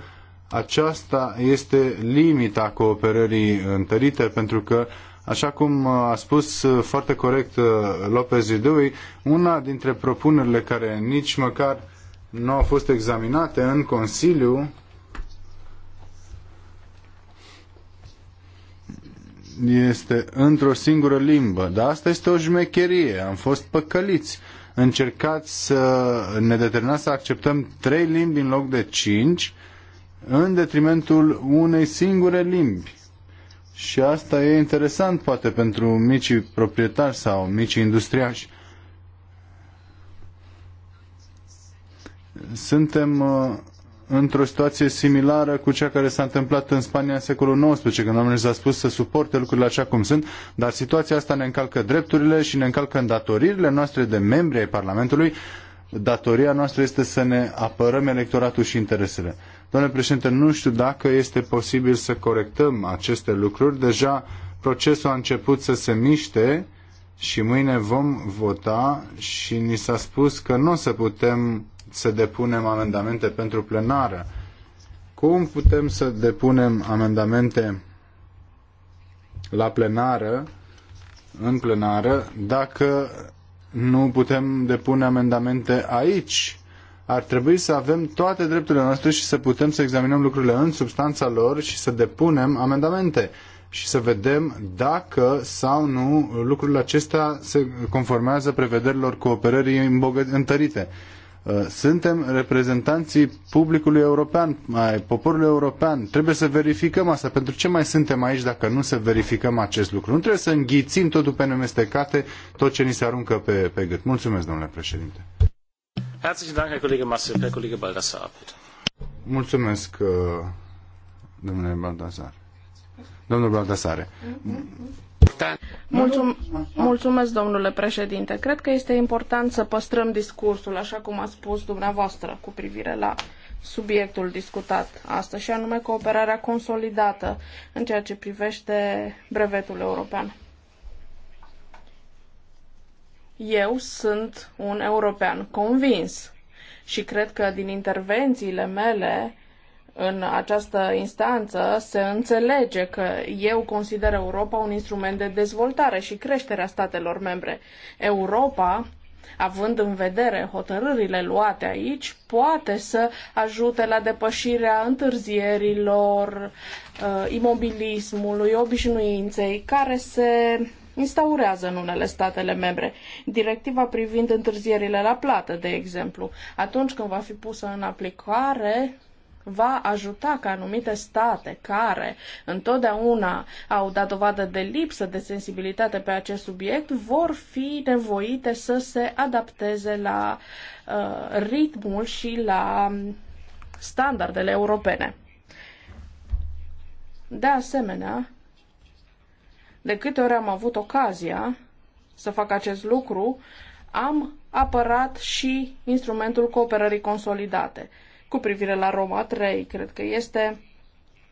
aceasta este limita cooperării întărite, pentru că, așa cum a spus foarte corect uh, Lopez Idui, una dintre propunerile care nici măcar nu au fost examinate în Consiliu este într-o singură limbă. Dar asta este o jmecherie. Am fost păcăliți. Încercați să ne determinați să acceptăm trei limbi în loc de cinci, în detrimentul unei singure limbi. Și asta e interesant, poate, pentru micii proprietari sau micii industriași. Suntem uh, într-o situație similară cu cea care s-a întâmplat în Spania în secolul XIX, când oamenii s-a spus să suporte lucrurile așa cum sunt, dar situația asta ne încalcă drepturile și ne încalcă îndatoririle noastre de membri ai Parlamentului. Datoria noastră este să ne apărăm electoratul și interesele. Domnule președinte, nu știu dacă este posibil să corectăm aceste lucruri. Deja procesul a început să se miște și mâine vom vota și ni s-a spus că nu o să putem să depunem amendamente pentru plenară. Cum putem să depunem amendamente la plenară, în plenară, dacă nu putem depune amendamente aici? Ar trebui să avem toate drepturile noastre și să putem să examinăm lucrurile în substanța lor și să depunem amendamente și să vedem dacă sau nu lucrurile acestea se conformează prevederilor cooperării întărite. Uh, suntem reprezentanții publicului european, ai poporului european. Trebuie să verificăm asta. Pentru ce mai suntem aici dacă nu să verificăm acest lucru? Nu trebuie să înghițim totul pe nemestecate, tot ce ni se aruncă pe, pe gât. Mulțumesc, domnule președinte. Mulțumesc, uh, domnule Baldassar. Domnul Baldassare. Mm-hmm important. Mulțum mulțumesc, domnule președinte. Cred că este important să păstrăm discursul, așa cum a spus dumneavoastră, cu privire la subiectul discutat astăzi, și anume cooperarea consolidată în ceea ce privește brevetul european. Eu sunt un european convins și cred că din intervențiile mele în această instanță se înțelege că eu consider Europa un instrument de dezvoltare și creștere a statelor membre. Europa, având în vedere hotărârile luate aici, poate să ajute la depășirea întârzierilor, uh, imobilismului, obișnuinței care se instaurează în unele statele membre. Directiva privind întârzierile la plată, de exemplu. Atunci când va fi pusă în aplicare, va ajuta ca anumite state care întotdeauna au dat dovadă de lipsă de sensibilitate pe acest subiect vor fi nevoite să se adapteze la uh, ritmul și la um, standardele europene. De asemenea, de câte ori am avut ocazia să fac acest lucru, am apărat și instrumentul cooperării consolidate cu privire la Roma 3. Cred că este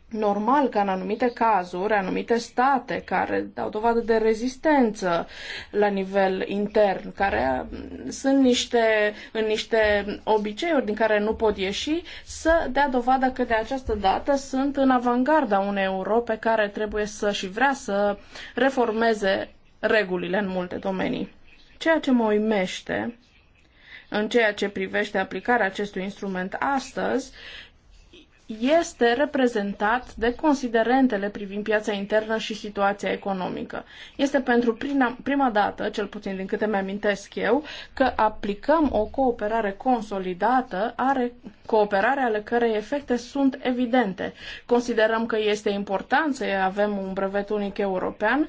normal ca în anumite cazuri, anumite state care dau dovadă de rezistență la nivel intern, care sunt niște, în niște obiceiuri din care nu pot ieși, să dea dovadă că de această dată sunt în avangarda unei Europe care trebuie să și vrea să reformeze regulile în multe domenii. Ceea ce mă uimește în ceea ce privește aplicarea acestui instrument astăzi este reprezentat de considerentele privind piața internă și situația economică. Este pentru prima, prima dată, cel puțin din câte mi-amintesc eu, că aplicăm o cooperare consolidată, are, cooperare ale cărei efecte sunt evidente. Considerăm că este important să avem un brevet unic european,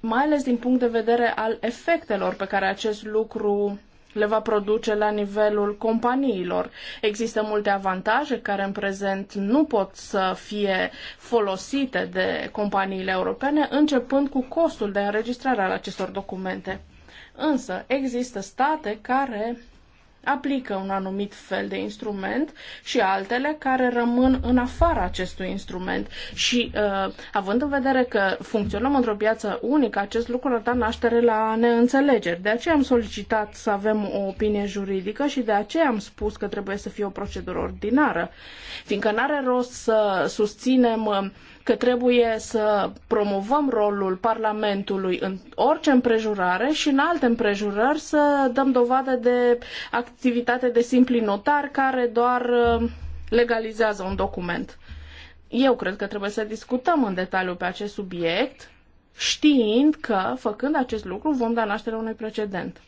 mai ales din punct de vedere al efectelor pe care acest lucru le va produce la nivelul companiilor. Există multe avantaje care în prezent nu pot să fie folosite de companiile europene, începând cu costul de înregistrare al acestor documente. Însă există state care aplică un anumit fel de instrument și altele care rămân în afara acestui instrument. Și uh, având în vedere că funcționăm într-o piață unică, acest lucru ar da naștere la neînțelegeri. De aceea am solicitat să avem o opinie juridică și de aceea am spus că trebuie să fie o procedură ordinară, fiindcă n-are rost să susținem uh, că trebuie să promovăm rolul Parlamentului în orice împrejurare și în alte împrejurări să dăm dovadă de activitate de simpli notari care doar uh, legalizează un document. Eu cred că trebuie să discutăm în detaliu pe acest subiect, știind că, făcând acest lucru, vom da naștere unui precedent.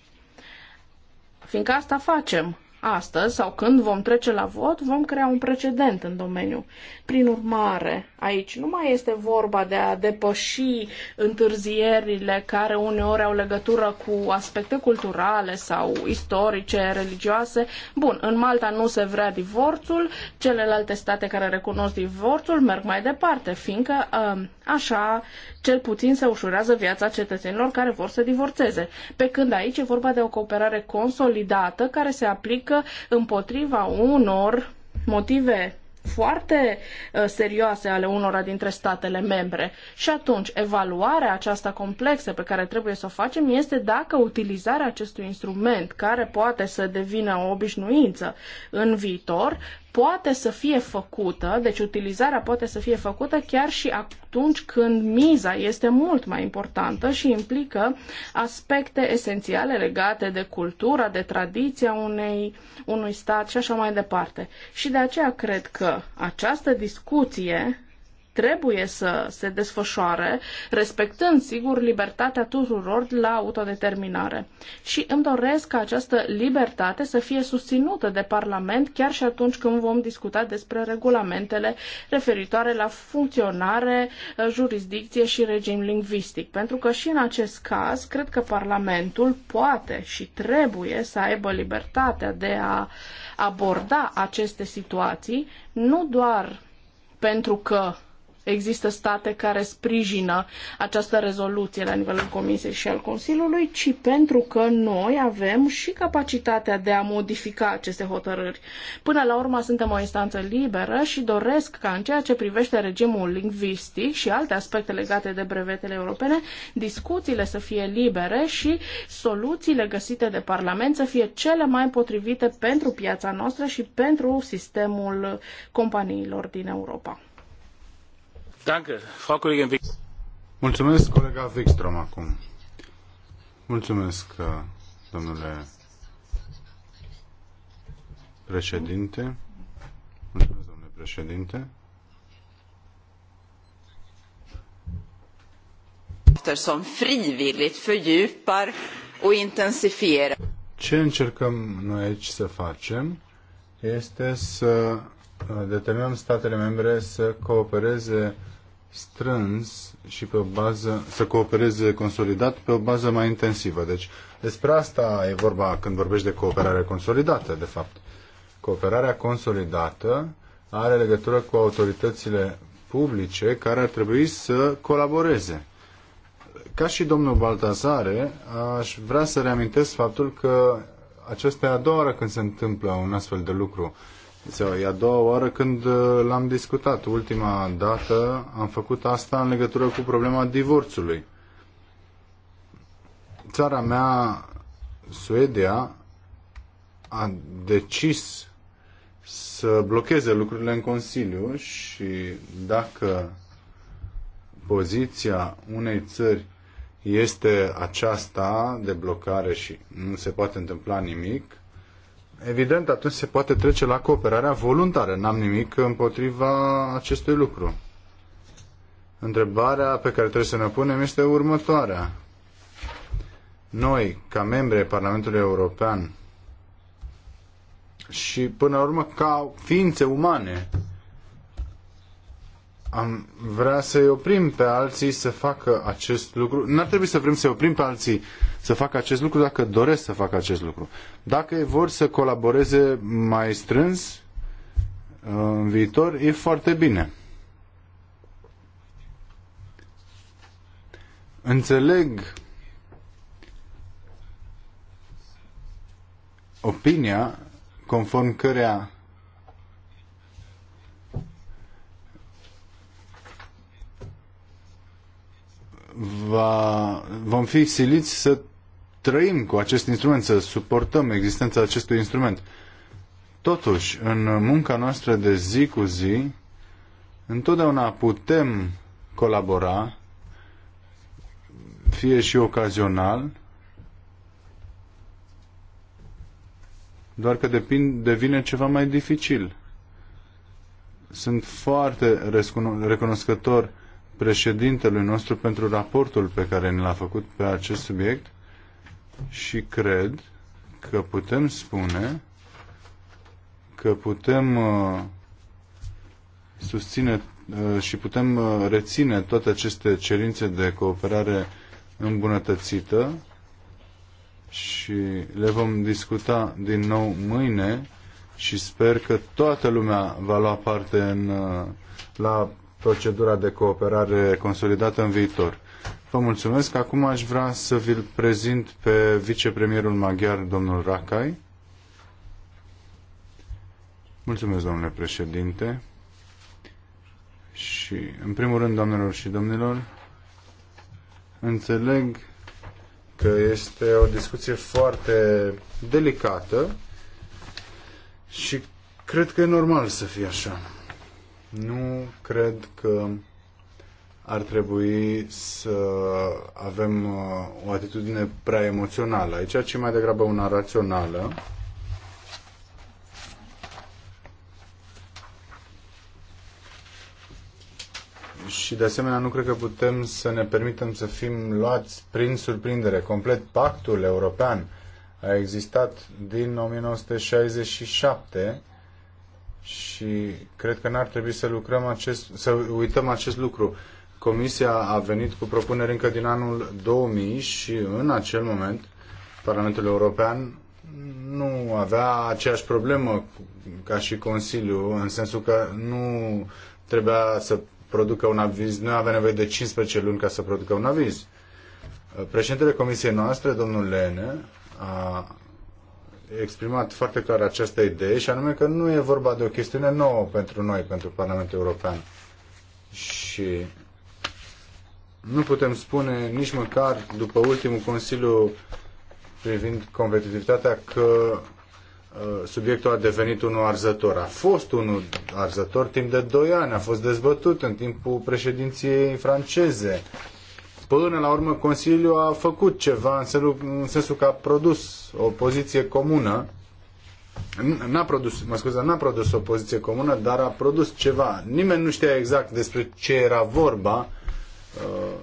Fiindcă asta facem astăzi sau când vom trece la vot, vom crea un precedent în domeniu. Prin urmare, aici nu mai este vorba de a depăși întârzierile care uneori au legătură cu aspecte culturale sau istorice, religioase. Bun, în Malta nu se vrea divorțul, celelalte state care recunosc divorțul merg mai departe, fiindcă um, așa cel puțin se ușurează viața cetățenilor care vor să divorțeze. Pe când aici e vorba de o cooperare consolidată care se aplică politică împotriva unor motive foarte uh, serioase ale unora dintre statele membre. Și atunci, evaluarea aceasta complexă pe care trebuie să o facem este dacă utilizarea acestui instrument, care poate să devină o obișnuință în viitor, poate să fie făcută, deci utilizarea poate să fie făcută chiar și atunci când miza este mult mai importantă și implică aspecte esențiale legate de cultura, de tradiția unei, unui stat și așa mai departe. Și de aceea cred că această discuție trebuie să se desfășoare, respectând, sigur, libertatea tuturor la autodeterminare. Și îmi doresc ca această libertate să fie susținută de Parlament chiar și atunci când vom discuta despre regulamentele referitoare la funcționare, eh, jurisdicție și regim lingvistic. Pentru că și în acest caz, cred că Parlamentul poate și trebuie să aibă libertatea de a aborda aceste situații, nu doar pentru că există state care sprijină această rezoluție la nivelul Comisiei și al Consiliului, ci pentru că noi avem și capacitatea de a modifica aceste hotărâri. Până la urmă suntem o instanță liberă și doresc ca în ceea ce privește regimul lingvistic și alte aspecte legate de brevetele europene, discuțiile să fie libere și soluțiile găsite de Parlament să fie cele mai potrivite pentru piața noastră și pentru sistemul companiilor din Europa. Mulțumesc, colega Wikström, acum. Mulțumesc, uh, domnule președinte. Mulțumesc, domnule președinte. som frivilligt fördjupar och intensifierar. Ce încercăm noi aici să facem este să determinăm statele membre să coopereze strâns și pe o bază, să coopereze consolidat pe o bază mai intensivă. Deci despre asta e vorba când vorbești de cooperare consolidată, de fapt. Cooperarea consolidată are legătură cu autoritățile publice care ar trebui să colaboreze. Ca și domnul Baltazare, aș vrea să reamintesc faptul că aceasta e a doua oară când se întâmplă un astfel de lucru E a doua oară când uh, l-am discutat. Ultima dată am făcut asta în legătură cu problema divorțului. Țara mea, Suedia, a decis să blocheze lucrurile în Consiliu și dacă poziția unei țări este aceasta de blocare și nu se poate întâmpla nimic, evident, atunci se poate trece la cooperarea voluntară. N-am nimic împotriva acestui lucru. Întrebarea pe care trebuie să ne punem este următoarea. Noi, ca membri ai Parlamentului European și, până la urmă, ca ființe umane, am vrea să-i oprim pe alții să facă acest lucru. N-ar trebui să vrem să-i oprim pe alții să facă acest lucru dacă doresc să facă acest lucru. Dacă vor să colaboreze mai strâns uh, în viitor, e foarte bine. Înțeleg opinia conform cărea va, vom fi siliți să trăim cu acest instrument, să suportăm existența acestui instrument. Totuși, în munca noastră de zi cu zi, întotdeauna putem colabora, fie și ocazional, doar că depind, devine ceva mai dificil. Sunt foarte recunoscător președintelui nostru pentru raportul pe care ne l-a făcut pe acest subiect și cred că putem spune că putem uh, susține uh, și putem uh, reține toate aceste cerințe de cooperare îmbunătățită și le vom discuta din nou mâine și sper că toată lumea va lua parte în, la procedura de cooperare consolidată în viitor. Vă mulțumesc. Acum aș vrea să vi-l prezint pe vicepremierul maghiar, domnul Rakai. Mulțumesc, domnule președinte. Și, în primul rând, doamnelor și domnilor, înțeleg că este o discuție foarte delicată și cred că e normal să fie așa. Nu cred că ar trebui să avem uh, o atitudine prea emoțională aici, ci mai degrabă una rațională. Și de asemenea nu cred că putem să ne permitem să fim luați prin surprindere. Complet pactul european a existat din 1967 și cred că n-ar trebui să lucrăm acest, să uităm acest lucru. Comisia a venit cu propuneri încă din anul 2000 și în acel moment Parlamentul European nu avea aceeași problemă ca și Consiliul, în sensul că nu trebuia să producă un aviz, nu avea nevoie de 15 luni ca să producă un aviz. Președintele Comisiei noastre, domnul Lene, a exprimat foarte clar această idee și anume că nu e vorba de o chestiune nouă pentru noi, pentru Parlamentul European. Și nu putem spune nici măcar după ultimul Consiliu privind competitivitatea că uh, subiectul a devenit unul arzător. A fost unul arzător timp de 2 ani, a fost dezbătut în timpul președinției franceze până la urmă Consiliul a făcut ceva în sensul, în sensul că a produs o poziție comună n-a produs, mă scuze, n-a produs o poziție comună, dar a produs ceva. Nimeni nu știa exact despre ce era vorba. Uh,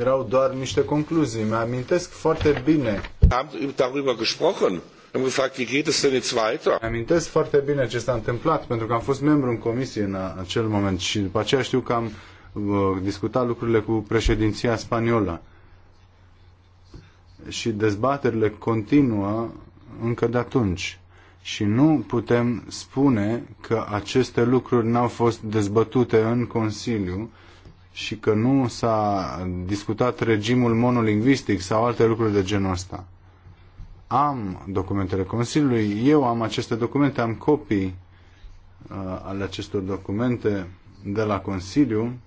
erau doar niște concluzii. Mă amintesc foarte bine. Am darüber gesprochen. Am gefragt, wie geht es denn jetzt weiter? Amintesc foarte bine ce s-a întâmplat, pentru că am fost membru în comisie în acel moment și după aceea știu că am discuta lucrurile cu președinția spaniolă. Și dezbaterile continuă încă de atunci. Și nu putem spune că aceste lucruri n-au fost dezbătute în Consiliu și că nu s-a discutat regimul monolingvistic sau alte lucruri de genul ăsta. Am documentele Consiliului, eu am aceste documente, am copii uh, ale acestor documente de la Consiliu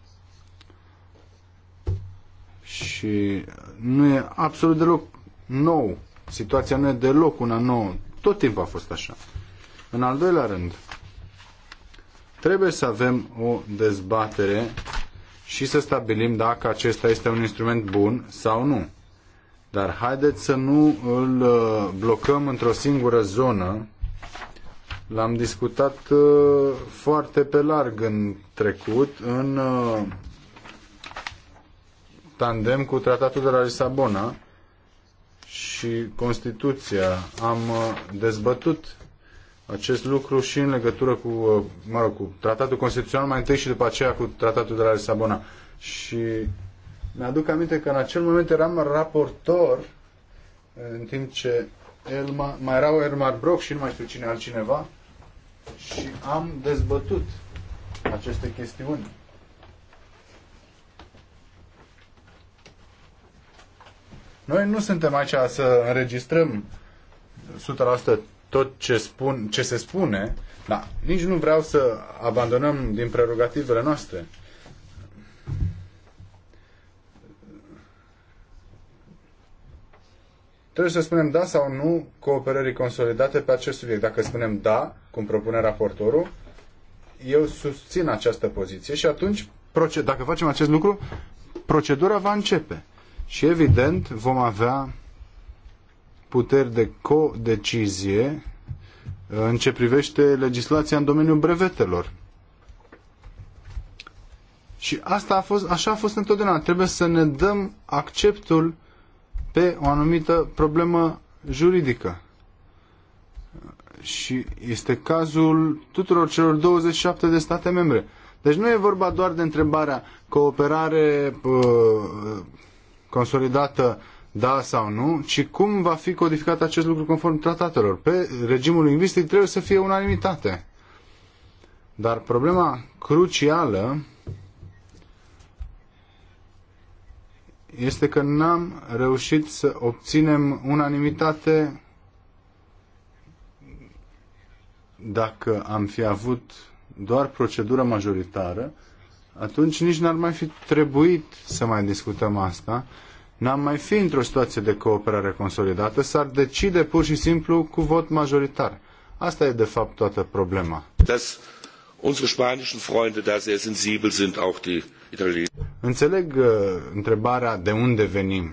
și nu e absolut deloc nou. Situația nu e deloc una nouă. Tot timpul a fost așa. În al doilea rând, trebuie să avem o dezbatere și să stabilim dacă acesta este un instrument bun sau nu. Dar haideți să nu îl uh, blocăm într-o singură zonă. L-am discutat uh, foarte pe larg în trecut, în uh, tandem cu tratatul de la Lisabona și Constituția. Am uh, dezbătut acest lucru și în legătură cu, uh, mă rog, cu tratatul constituțional mai întâi și după aceea cu tratatul de la Lisabona. Și mi-aduc aminte că în acel moment eram raportor uh, în timp ce Elma, mai erau Elmar Brock și nu mai știu cine altcineva și am dezbătut aceste chestiuni. Noi nu suntem aici să înregistrăm 100% tot ce, spun, ce se spune, dar nici nu vreau să abandonăm din prerogativele noastre. Trebuie să spunem da sau nu cooperării consolidate pe acest subiect. Dacă spunem da, cum propune raportorul, eu susțin această poziție și atunci, dacă facem acest lucru, procedura va începe și evident vom avea puteri de co-decizie în ce privește legislația în domeniul brevetelor. Și asta a fost, așa a fost întotdeauna. Trebuie să ne dăm acceptul pe o anumită problemă juridică. Și este cazul tuturor celor 27 de state membre. Deci nu e vorba doar de întrebarea cooperare consolidată da sau nu, ci cum va fi codificat acest lucru conform tratatelor. Pe regimul lingvistic trebuie să fie unanimitate. Dar problema crucială este că n-am reușit să obținem unanimitate dacă am fi avut doar procedură majoritară, atunci nici n-ar mai fi trebuit să mai discutăm asta. N-am mai fi într-o situație de cooperare consolidată, s-ar decide pur și simplu cu vot majoritar. Asta e de fapt toată problema. Das unsere spanischen Freunde da sehr sensibel sind, auch die Italiener. Înțeleg uh, întrebarea de unde venim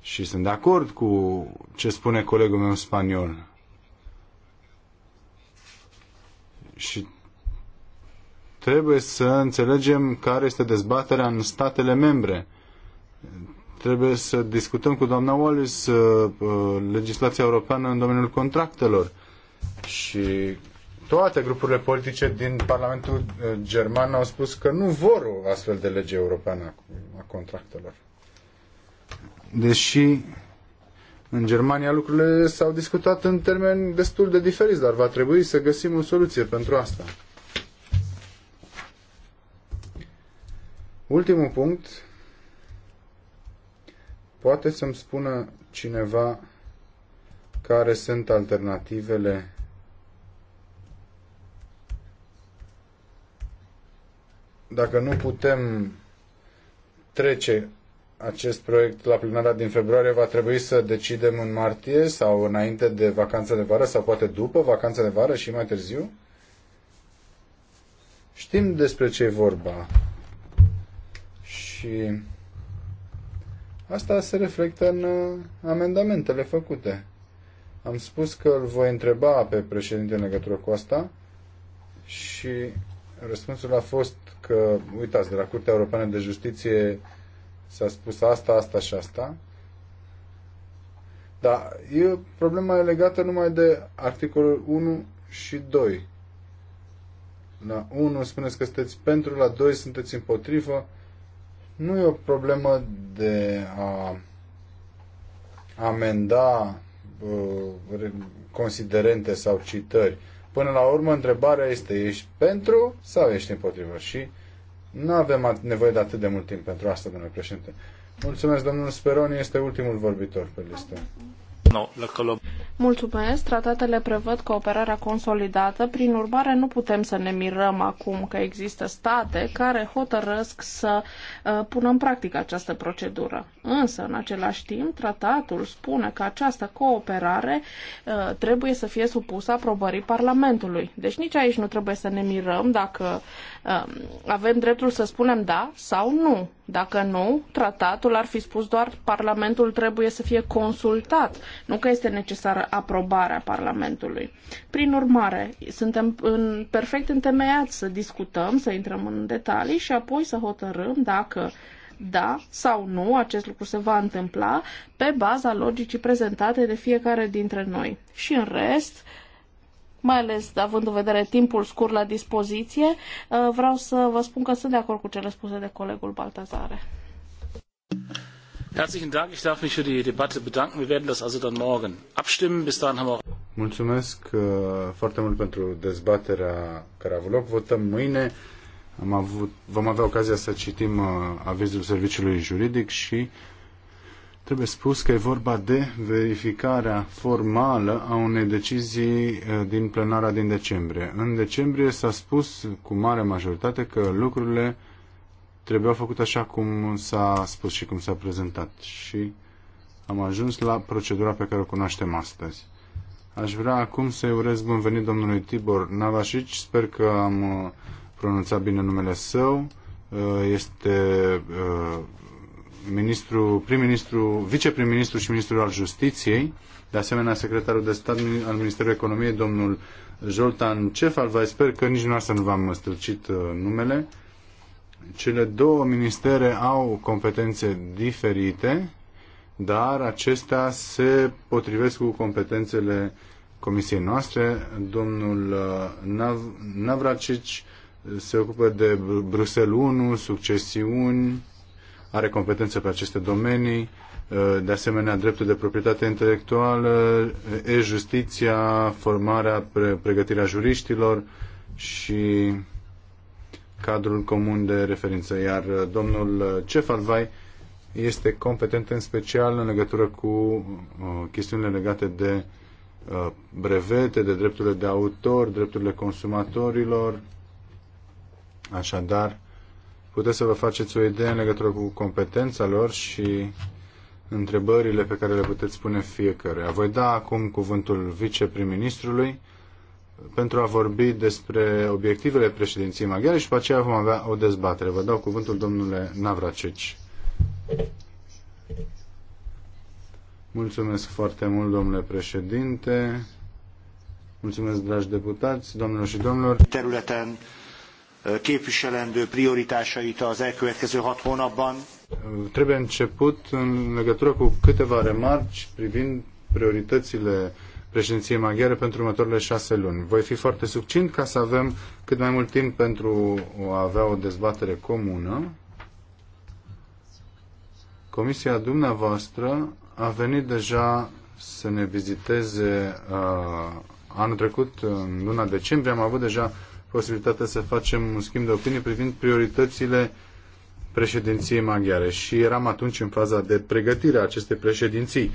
și sunt de acord cu ce spune colegul meu spaniol. Și Trebuie să înțelegem care este dezbaterea în statele membre. Trebuie să discutăm cu doamna Wallis uh, uh, legislația europeană în domeniul contractelor. Și toate grupurile politice din Parlamentul uh, German au spus că nu vor o astfel de lege europeană a contractelor. Deși în Germania lucrurile s-au discutat în termeni destul de diferiți, dar va trebui să găsim o soluție pentru asta. Ultimul punct. Poate să-mi spună cineva care sunt alternativele dacă nu putem trece acest proiect la plenara din februarie, va trebui să decidem în martie sau înainte de vacanța de vară sau poate după vacanța de vară și mai târziu? Știm despre ce e vorba. Și asta se reflectă în uh, amendamentele făcute. Am spus că îl voi întreba pe președinte în legătură cu asta și răspunsul a fost că, uitați, de la Curtea Europeană de Justiție s-a spus asta, asta și asta. Dar e problema e legată numai de articolul 1 și 2. La 1 spuneți că sunteți pentru, la 2 sunteți împotrivă. Nu e o problemă de a amenda uh, considerente sau citări. Până la urmă, întrebarea este, ești pentru sau ești împotrivă? Și nu avem nevoie de atât de mult timp pentru asta, domnule președinte. Mulțumesc, domnul Speroni este ultimul vorbitor pe listă. No, la Mulțumesc, tratatele prevăd cooperarea consolidată, prin urmare nu putem să ne mirăm acum că există state care hotărăsc să uh, pună în practică această procedură. Însă, în același timp, tratatul spune că această cooperare uh, trebuie să fie supusă aprobării Parlamentului. Deci nici aici nu trebuie să ne mirăm dacă Um, avem dreptul să spunem da sau nu. Dacă nu, tratatul ar fi spus doar Parlamentul trebuie să fie consultat, nu că este necesară aprobarea Parlamentului. Prin urmare, suntem în perfect întemeiați să discutăm, să intrăm în detalii și apoi să hotărâm dacă da sau nu acest lucru se va întâmpla pe baza logicii prezentate de fiecare dintre noi. Și în rest, mai ales având în vedere timpul scurt la dispoziție, uh, vreau să vă spun că sunt de acord cu cele spuse de colegul Baltazare. Herzlichen Dank. Ich darf mich für die Debatte bedanken. Wir werden das also dann morgen abstimmen. Bis dahin haben wir Mulțumesc uh, foarte mult pentru dezbaterea care a avut loc. Votăm mâine. Am avut, vom avea ocazia să citim uh, avizul serviciului juridic și Trebuie spus că e vorba de verificarea formală a unei decizii eh, din plenara din decembrie. În decembrie s-a spus cu mare majoritate că lucrurile trebuiau făcute așa cum s-a spus și cum s-a prezentat. Și am ajuns la procedura pe care o cunoaștem astăzi. Aș vrea acum să-i urez bun venit domnului Tibor Navașic. Sper că am eh, pronunțat bine numele său. Eh, este ministru, prim-ministru, viceprim-ministru și ministrul al justiției, de asemenea secretarul de stat al Ministerului Economiei, domnul Joltan Cefal, vă sper că nici noastră nu v-am străcit uh, numele. Cele două ministere au competențe diferite, dar acestea se potrivesc cu competențele comisiei noastre. Domnul uh, Nav Navracici uh, se ocupă de Bruxelles 1, succesiuni, are competențe pe aceste domenii, uh, de asemenea dreptul de proprietate intelectuală, uh, e-justiția, formarea, pregătirea juriștilor și cadrul comun de referință. Iar uh, domnul Cefalvai este competent în special în legătură cu chestiunile legate de brevete, de drepturile de autor, drepturile consumatorilor. Așadar, puteți să vă faceți o idee în legătură cu competența lor și întrebările pe care le puteți pune fiecare. Voi da acum cuvântul viceprim-ministrului pentru a vorbi despre obiectivele președinției maghiare și după aceea vom avea o dezbatere. Vă dau cuvântul domnule Navraceci. Mulțumesc foarte mult, domnule președinte. Mulțumesc, dragi deputați, domnilor și domnilor képviselendő prioritásait az elkövetkező hat hónapban? Trebuie început în legătură cu câteva remarci privind prioritățile președinției maghiare pentru următoarele șase luni. Voi fi foarte succint ca să avem cât mai mult timp pentru a avea o dezbatere comună. Comisia dumneavoastră a venit deja să ne viziteze uh, anul trecut, în luna decembrie, am avut deja posibilitatea să facem un schimb de opinie privind prioritățile președinției maghiare și eram atunci în faza de pregătire a acestei președinții.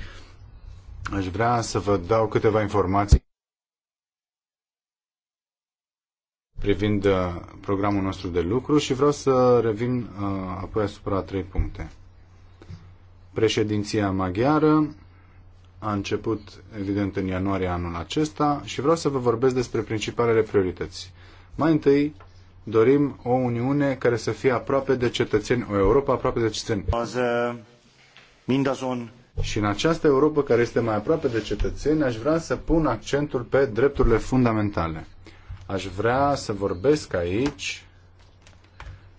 Aș vrea să vă dau câteva informații privind uh, programul nostru de lucru și vreau să revin uh, apoi asupra trei puncte. Președinția maghiară a început, evident, în ianuarie anul acesta și vreau să vă vorbesc despre principalele priorități. Mai întâi, dorim o Uniune care să fie aproape de cetățeni, o Europa aproape de cetățeni. Și în această Europa care este mai aproape de cetățeni, aș vrea să pun accentul pe drepturile fundamentale. Aș vrea să vorbesc aici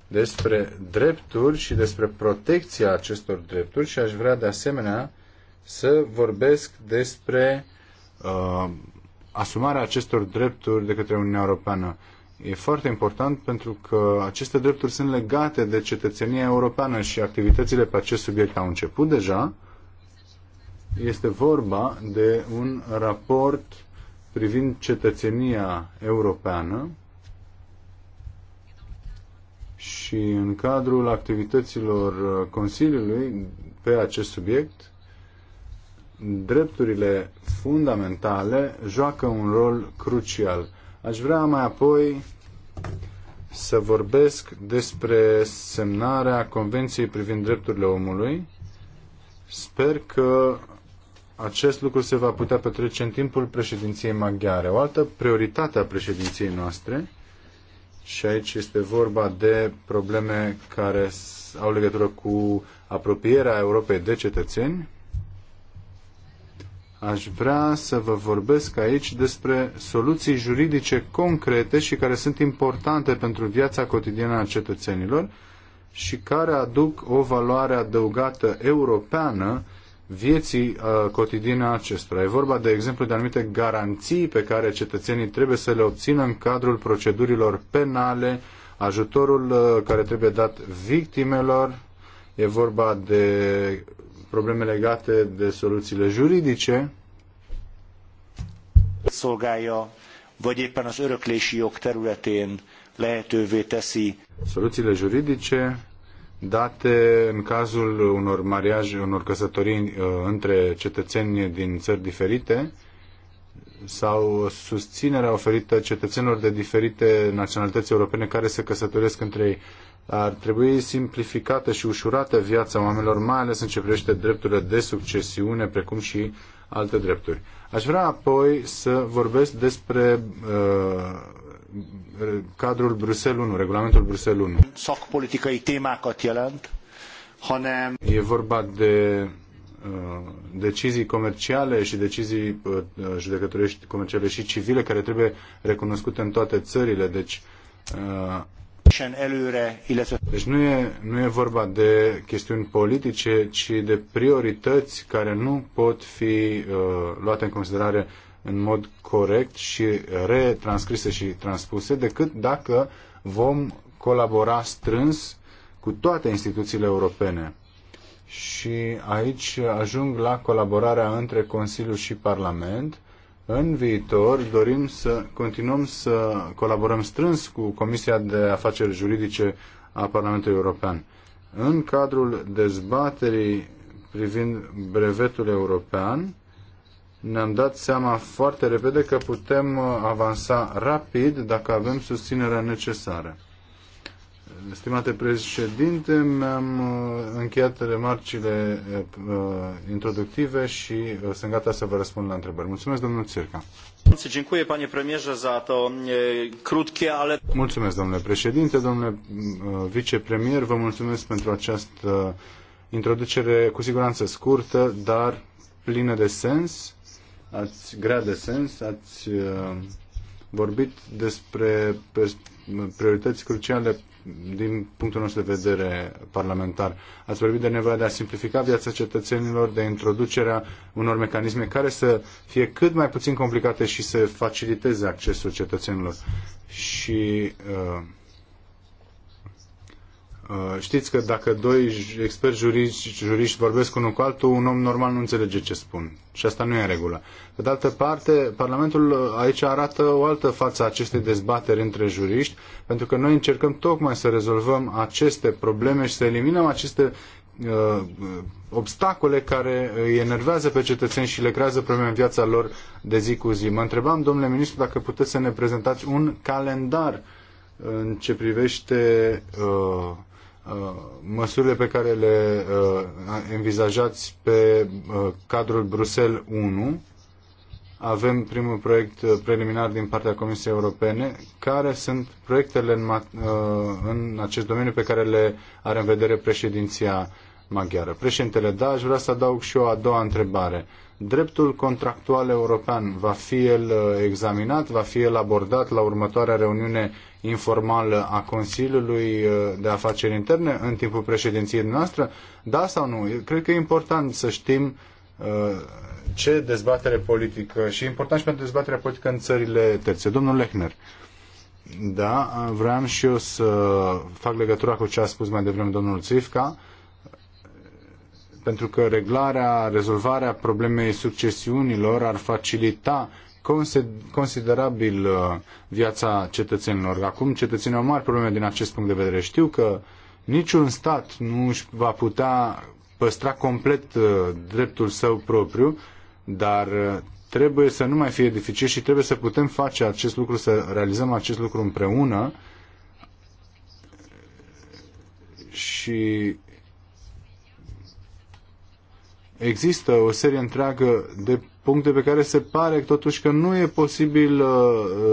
despre drepturi și despre protecția acestor drepturi și aș vrea de asemenea să vorbesc despre uh, asumarea acestor drepturi de către Uniunea Europeană. E foarte important pentru că aceste drepturi sunt legate de cetățenia europeană și activitățile pe acest subiect au început deja. Este vorba de un raport privind cetățenia europeană și în cadrul activităților Consiliului pe acest subiect, drepturile fundamentale joacă un rol crucial Aș vrea mai apoi să vorbesc despre semnarea Convenției privind drepturile omului. Sper că acest lucru se va putea petrece în timpul președinției maghiare. O altă prioritate a președinției noastre, și aici este vorba de probleme care au legătură cu apropierea Europei de cetățeni, aș vrea să vă vorbesc aici despre soluții juridice concrete și care sunt importante pentru viața cotidiană a cetățenilor și care aduc o valoare adăugată europeană vieții uh, cotidiene acestora. E vorba, de exemplu, de anumite garanții pe care cetățenii trebuie să le obțină în cadrul procedurilor penale, ajutorul uh, care trebuie dat victimelor, e vorba de probleme legate de soluțiile juridice. Szolgálja, vagy éppen az öröklési jog területén lehetővé teszi. Soluțiile juridice date în cazul unor mariaje, unor căsătorii uh, între cetățeni din țări diferite sau susținerea oferită cetățenilor de diferite naționalități europene care se căsătoresc între ei ar trebui simplificată și ușurată viața oamenilor, mai ales în ce privește drepturile de succesiune, precum și alte drepturi. Aș vrea apoi să vorbesc despre uh, cadrul Bruxelles 1, regulamentul Bruxelles 1. Szakpolitikai témákat jelent, hanem... E vorba de uh, decizii comerciale și decizii uh, judecătorești comerciale și civile care trebuie recunoscute în toate țările. Deci, uh, deci nu e, nu e vorba de chestiuni politice, ci de priorități care nu pot fi uh, luate în considerare în mod corect și retranscrise și transpuse, decât dacă vom colabora strâns cu toate instituțiile europene. Și aici ajung la colaborarea între Consiliu și Parlament, în viitor dorim să continuăm să colaborăm strâns cu Comisia de Afaceri Juridice a Parlamentului European. În cadrul dezbaterii privind brevetul european, ne-am dat seama foarte repede că putem uh, avansa rapid dacă avem susținerea necesară. Stimate președinte, mi-am uh, încheiat remarcile uh, introductive și uh, sunt gata să vă răspund la întrebări. Mulțumesc, domnul Țirca. Mulțumesc, domnule președinte, domnule vicepremier, vă mulțumesc pentru această introducere cu siguranță scurtă, dar plină de sens, ați grea de sens, ați vorbit despre priorități cruciale din punctul nostru de vedere parlamentar. Ați vorbit de nevoia de a simplifica viața cetățenilor, de introducerea unor mecanisme care să fie cât mai puțin complicate și să faciliteze accesul cetățenilor. Și uh, Uh, știți că dacă doi experți juriști, juriști vorbesc unul cu altul, un om normal nu înțelege ce spun. Și asta nu e în regulă. Pe de altă parte, Parlamentul uh, aici arată o altă față a acestei dezbateri între juriști, pentru că noi încercăm tocmai să rezolvăm aceste probleme și să eliminăm aceste uh, obstacole care îi enervează pe cetățeni și le creează probleme în viața lor de zi cu zi. Mă întrebam, domnule ministru, dacă puteți să ne prezentați un calendar în ce privește uh, Uh, măsurile pe care le envizajați uh, pe uh, cadrul Bruxelles 1. Avem primul proiect preliminar din partea Comisiei Europene. Care sunt proiectele în, în acest domeniu pe care le are în vedere președinția maghiară? Președintele, da, aș vrea să adaug și eu a doua întrebare. Dreptul contractual european va fi el examinat, va fi el abordat la următoarea reuniune informală a Consiliului uh, de Afaceri Interne în timpul președinției noastre? Da sau nu? Eu cred că e important să știm uh, ce dezbatere politică și e important și pentru dezbaterea politică în țările terțe. Domnul Lechner. Da, vreau și eu să fac legătura cu ce a spus mai devreme domnul Țifca, pentru că reglarea, rezolvarea problemei succesiunilor ar facilita considerabil uh, viața cetățenilor. Acum cetățenii au mari probleme din acest punct de vedere. Știu că niciun stat nu își va putea păstra complet uh, dreptul său propriu, dar uh, trebuie să nu mai fie dificil și trebuie să putem face acest lucru, să realizăm acest lucru împreună și există o serie întreagă de puncte pe care se pare totuși că nu e posibil uh,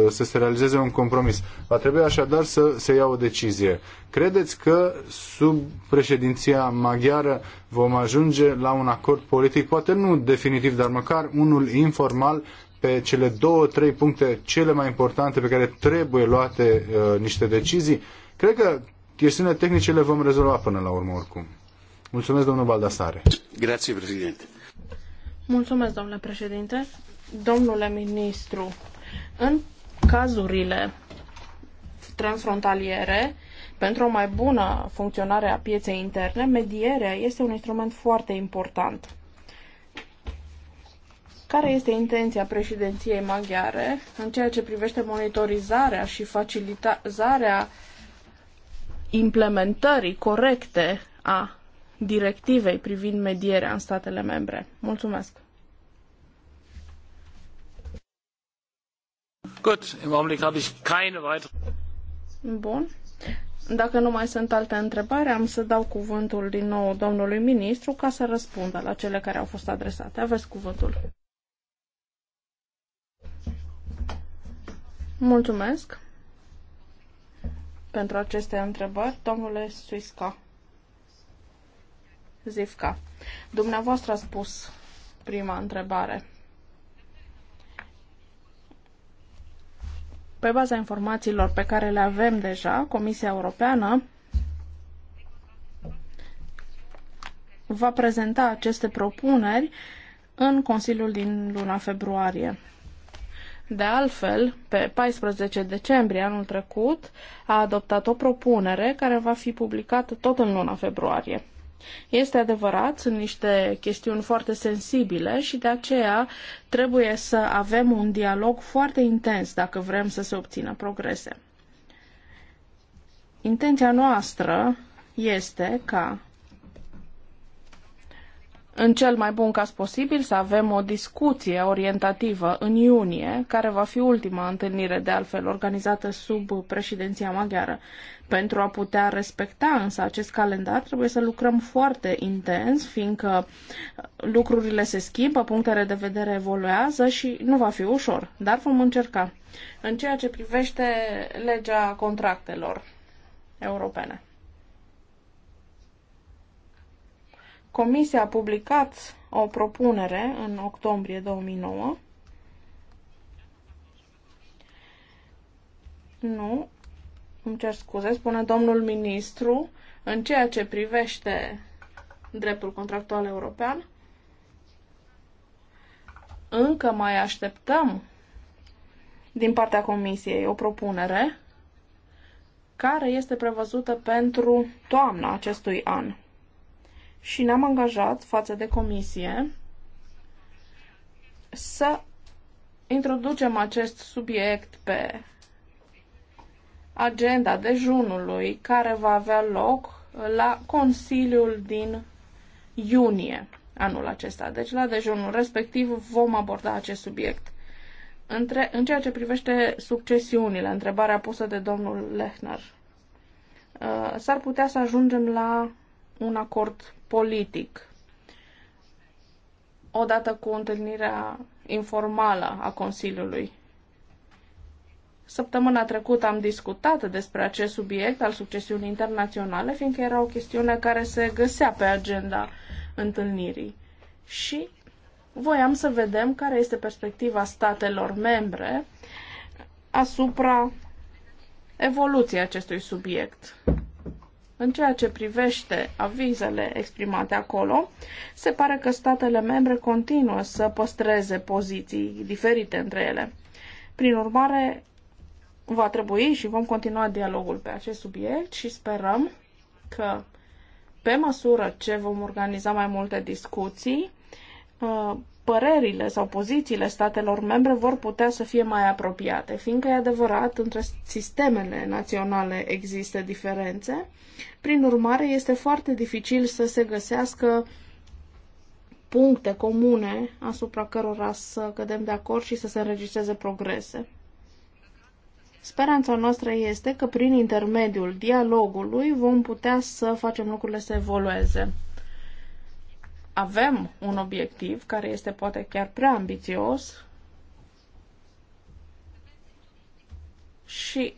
uh, să se realizeze un compromis. Va trebui așadar să se ia o decizie. Credeți că sub președinția maghiară vom ajunge la un acord politic, poate nu definitiv, dar măcar unul informal pe cele două, trei puncte cele mai importante pe care trebuie luate uh, niște decizii? Cred că chestiunile tehnice le vom rezolva până la urmă oricum. Mulțumesc, domnul Baldasare. Grazie, președinte. Mulțumesc, domnule președinte. Domnule ministru, în cazurile transfrontaliere, pentru o mai bună funcționare a pieței interne, medierea este un instrument foarte important. Care este intenția președinției maghiare în ceea ce privește monitorizarea și facilitarea implementării corecte a directivei privind medierea în statele membre. Mulțumesc! Gut, im Augenblick habe ich keine weitere. Bun. Dacă nu mai sunt alte întrebări, am să dau cuvântul din nou domnului ministru ca să răspundă la cele care au fost adresate. Aveți cuvântul. Mulțumesc pentru aceste întrebări, domnule Suisca. Zivca. Dumneavoastră a spus prima întrebare. Pe baza informațiilor pe care le avem deja, Comisia Europeană va prezenta aceste propuneri în Consiliul din luna februarie. De altfel, pe 14 decembrie anul trecut, a adoptat o propunere care va fi publicată tot în luna februarie. Este adevărat, sunt niște chestiuni foarte sensibile și de aceea trebuie să avem un dialog foarte intens dacă vrem să se obțină progrese. Intenția noastră este ca în cel mai bun caz posibil să avem o discuție orientativă în iunie, care va fi ultima întâlnire de altfel organizată sub președinția maghiară. Pentru a putea respecta însă acest calendar trebuie să lucrăm foarte intens, fiindcă lucrurile se schimbă, punctele de vedere evoluează și nu va fi ușor, dar vom încerca. În ceea ce privește legea contractelor europene. Comisia a publicat o propunere în octombrie 2009. Nu, îmi cer scuze, spune domnul ministru, în ceea ce privește dreptul contractual european, încă mai așteptăm din partea Comisiei o propunere care este prevăzută pentru toamna acestui an. Și ne-am angajat față de Comisie să introducem acest subiect pe agenda dejunului care va avea loc la Consiliul din iunie anul acesta. Deci la dejunul respectiv vom aborda acest subiect. Între, în ceea ce privește succesiunile, întrebarea pusă de domnul Lechner, uh, s-ar putea să ajungem la un acord politic odată cu întâlnirea informală a Consiliului. Săptămâna trecută am discutat despre acest subiect al succesiunii internaționale, fiindcă era o chestiune care se găsea pe agenda întâlnirii. Și voiam să vedem care este perspectiva statelor membre asupra evoluției acestui subiect. În ceea ce privește avizele exprimate acolo, se pare că statele membre continuă să păstreze poziții diferite între ele. Prin urmare, va trebui și vom continua dialogul pe acest subiect și sperăm că pe măsură ce vom organiza mai multe discuții, uh, părerile sau pozițiile statelor membre vor putea să fie mai apropiate, fiindcă e adevărat, între sistemele naționale există diferențe. Prin urmare, este foarte dificil să se găsească puncte comune asupra cărora să cădem de acord și să se înregistreze progrese. Speranța noastră este că prin intermediul dialogului vom putea să facem lucrurile să evolueze. Avem un obiectiv care este poate chiar prea ambițios și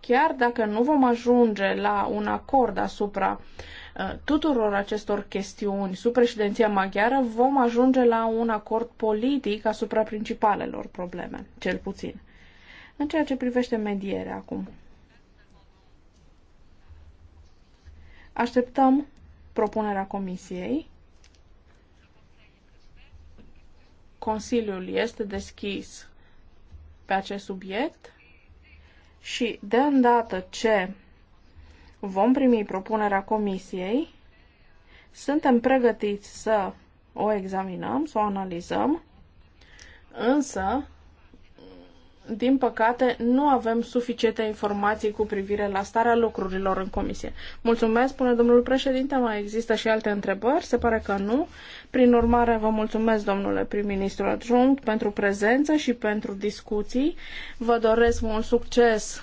chiar dacă nu vom ajunge la un acord asupra uh, tuturor acestor chestiuni sub președinția maghiară, vom ajunge la un acord politic asupra principalelor probleme, cel puțin. În ceea ce privește medierea acum. Așteptăm propunerea comisiei. Consiliul este deschis pe acest subiect și de îndată ce vom primi propunerea comisiei, suntem pregătiți să o examinăm, să o analizăm, însă din păcate, nu avem suficiente informații cu privire la starea lucrurilor în comisie. Mulțumesc, spune domnul președinte, mai există și alte întrebări? Se pare că nu. Prin urmare, vă mulțumesc, domnule prim-ministru adjunct, pentru prezență și pentru discuții. Vă doresc mult succes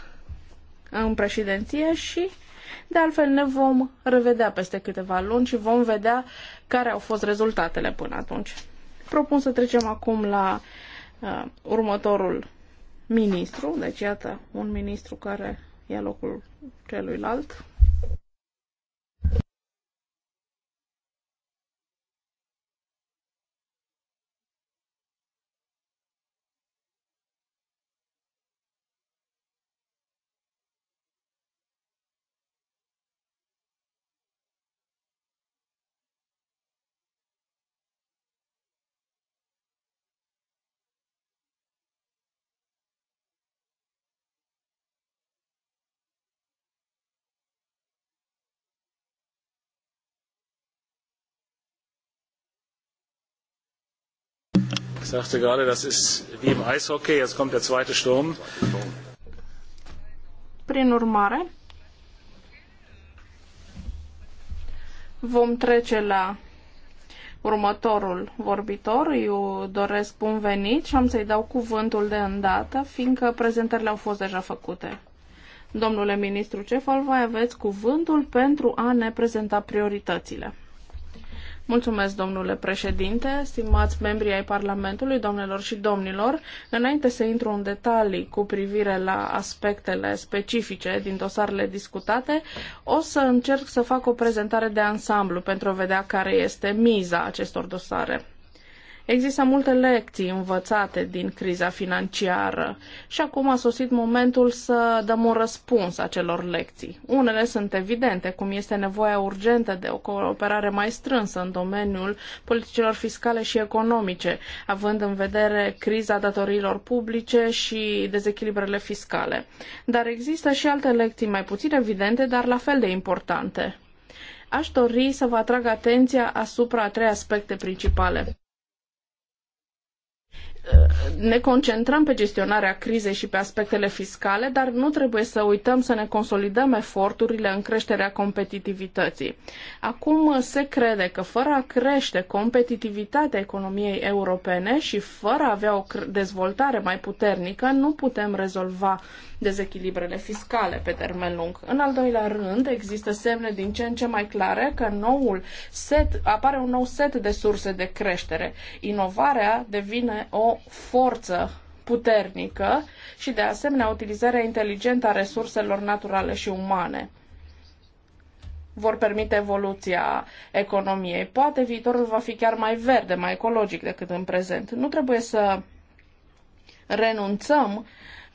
în președinție și, de altfel, ne vom revedea peste câteva luni și vom vedea care au fost rezultatele până atunci. Propun să trecem acum la uh, următorul ministru, deci iată un ministru care ia locul celuilalt. Ich sagte gerade, das ist wie im Eishockey, jetzt kommt der zweite Sturm. Prin urmare, vom trece la următorul vorbitor. Eu doresc bun venit și am să-i dau cuvântul de îndată, fiindcă prezentările au fost deja făcute. Domnule ministru Cefal, voi aveți cuvântul pentru a ne prezenta prioritățile. Mulțumesc, domnule președinte, stimați membri ai Parlamentului, domnilor și domnilor. Înainte să intru în detalii cu privire la aspectele specifice din dosarele discutate, o să încerc să fac o prezentare de ansamblu pentru a vedea care este miza acestor dosare. Există multe lecții învățate din criza financiară și acum a sosit momentul să dăm un răspuns acelor lecții. Unele sunt evidente, cum este nevoia urgentă de o cooperare mai strânsă în domeniul politicilor fiscale și economice, având în vedere criza datoriilor publice și dezechilibrele fiscale. Dar există și alte lecții mai puțin evidente, dar la fel de importante. Aș dori să vă atrag atenția asupra a trei aspecte principale. Uh, ne concentrăm pe gestionarea crizei și pe aspectele fiscale, dar nu trebuie să uităm să ne consolidăm eforturile în creșterea competitivității. Acum uh, se crede că fără a crește competitivitatea economiei europene și fără a avea o dezvoltare mai puternică, nu putem rezolva dezechilibrele fiscale pe termen lung. În al doilea rând, există semne din ce în ce mai clare că noul set, apare un nou set de surse de creștere. Inovarea devine o forță puternică și, de asemenea, utilizarea inteligentă a resurselor naturale și umane vor permite evoluția economiei. Poate viitorul va fi chiar mai verde, mai ecologic decât în prezent. Nu trebuie să renunțăm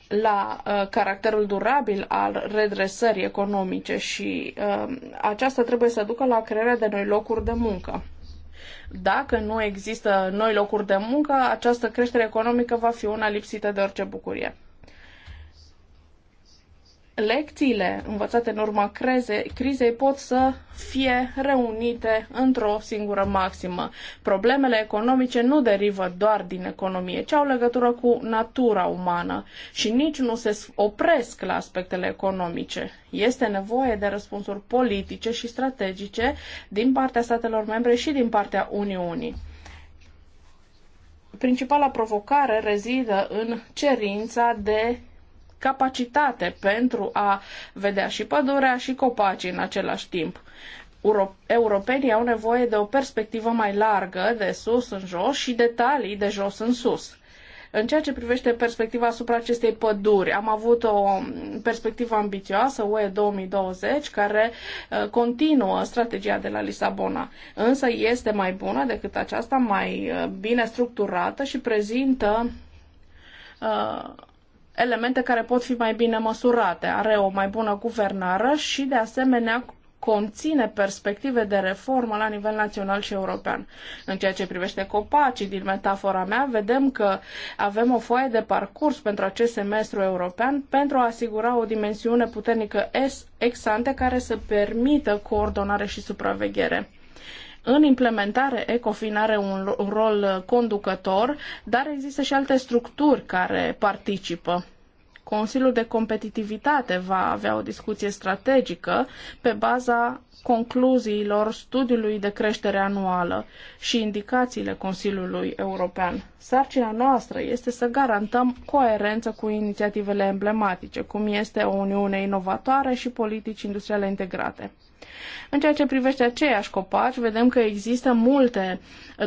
la uh, caracterul durabil al redresării economice și uh, aceasta trebuie să ducă la crearea de noi locuri de muncă. Dacă nu există noi locuri de muncă, această creștere economică va fi una lipsită de orice bucurie lecțiile învățate în urma creze, crizei pot să fie reunite într-o singură maximă. Problemele economice nu derivă doar din economie, ci au legătură cu natura umană și nici nu se opresc la aspectele economice. Este nevoie de răspunsuri politice și strategice din partea statelor membre și din partea Uniunii. Principala provocare rezidă în cerința de capacitate pentru a vedea și pădurea și copacii în același timp. Europenii au nevoie de o perspectivă mai largă, de sus în jos și detalii de jos în sus. În ceea ce privește perspectiva asupra acestei păduri, am avut o perspectivă ambițioasă, UE 2020, care uh, continuă strategia de la Lisabona, însă este mai bună decât aceasta, mai uh, bine structurată și prezintă uh, elemente care pot fi mai bine măsurate. Are o mai bună guvernare și, de asemenea, conține perspective de reformă la nivel național și european. În ceea ce privește copacii, din metafora mea, vedem că avem o foaie de parcurs pentru acest semestru european pentru a asigura o dimensiune puternică ex ante care să permită coordonare și supraveghere. În implementare, ECOFIN are un, un rol uh, conducător, dar există și alte structuri care participă. Consiliul de Competitivitate va avea o discuție strategică pe baza concluziilor studiului de creștere anuală și indicațiile Consiliului European. Sarcina noastră este să garantăm coerență cu inițiativele emblematice, cum este o Uniune inovatoare și politici industriale integrate. În ceea ce privește aceiași copaci, vedem că există multe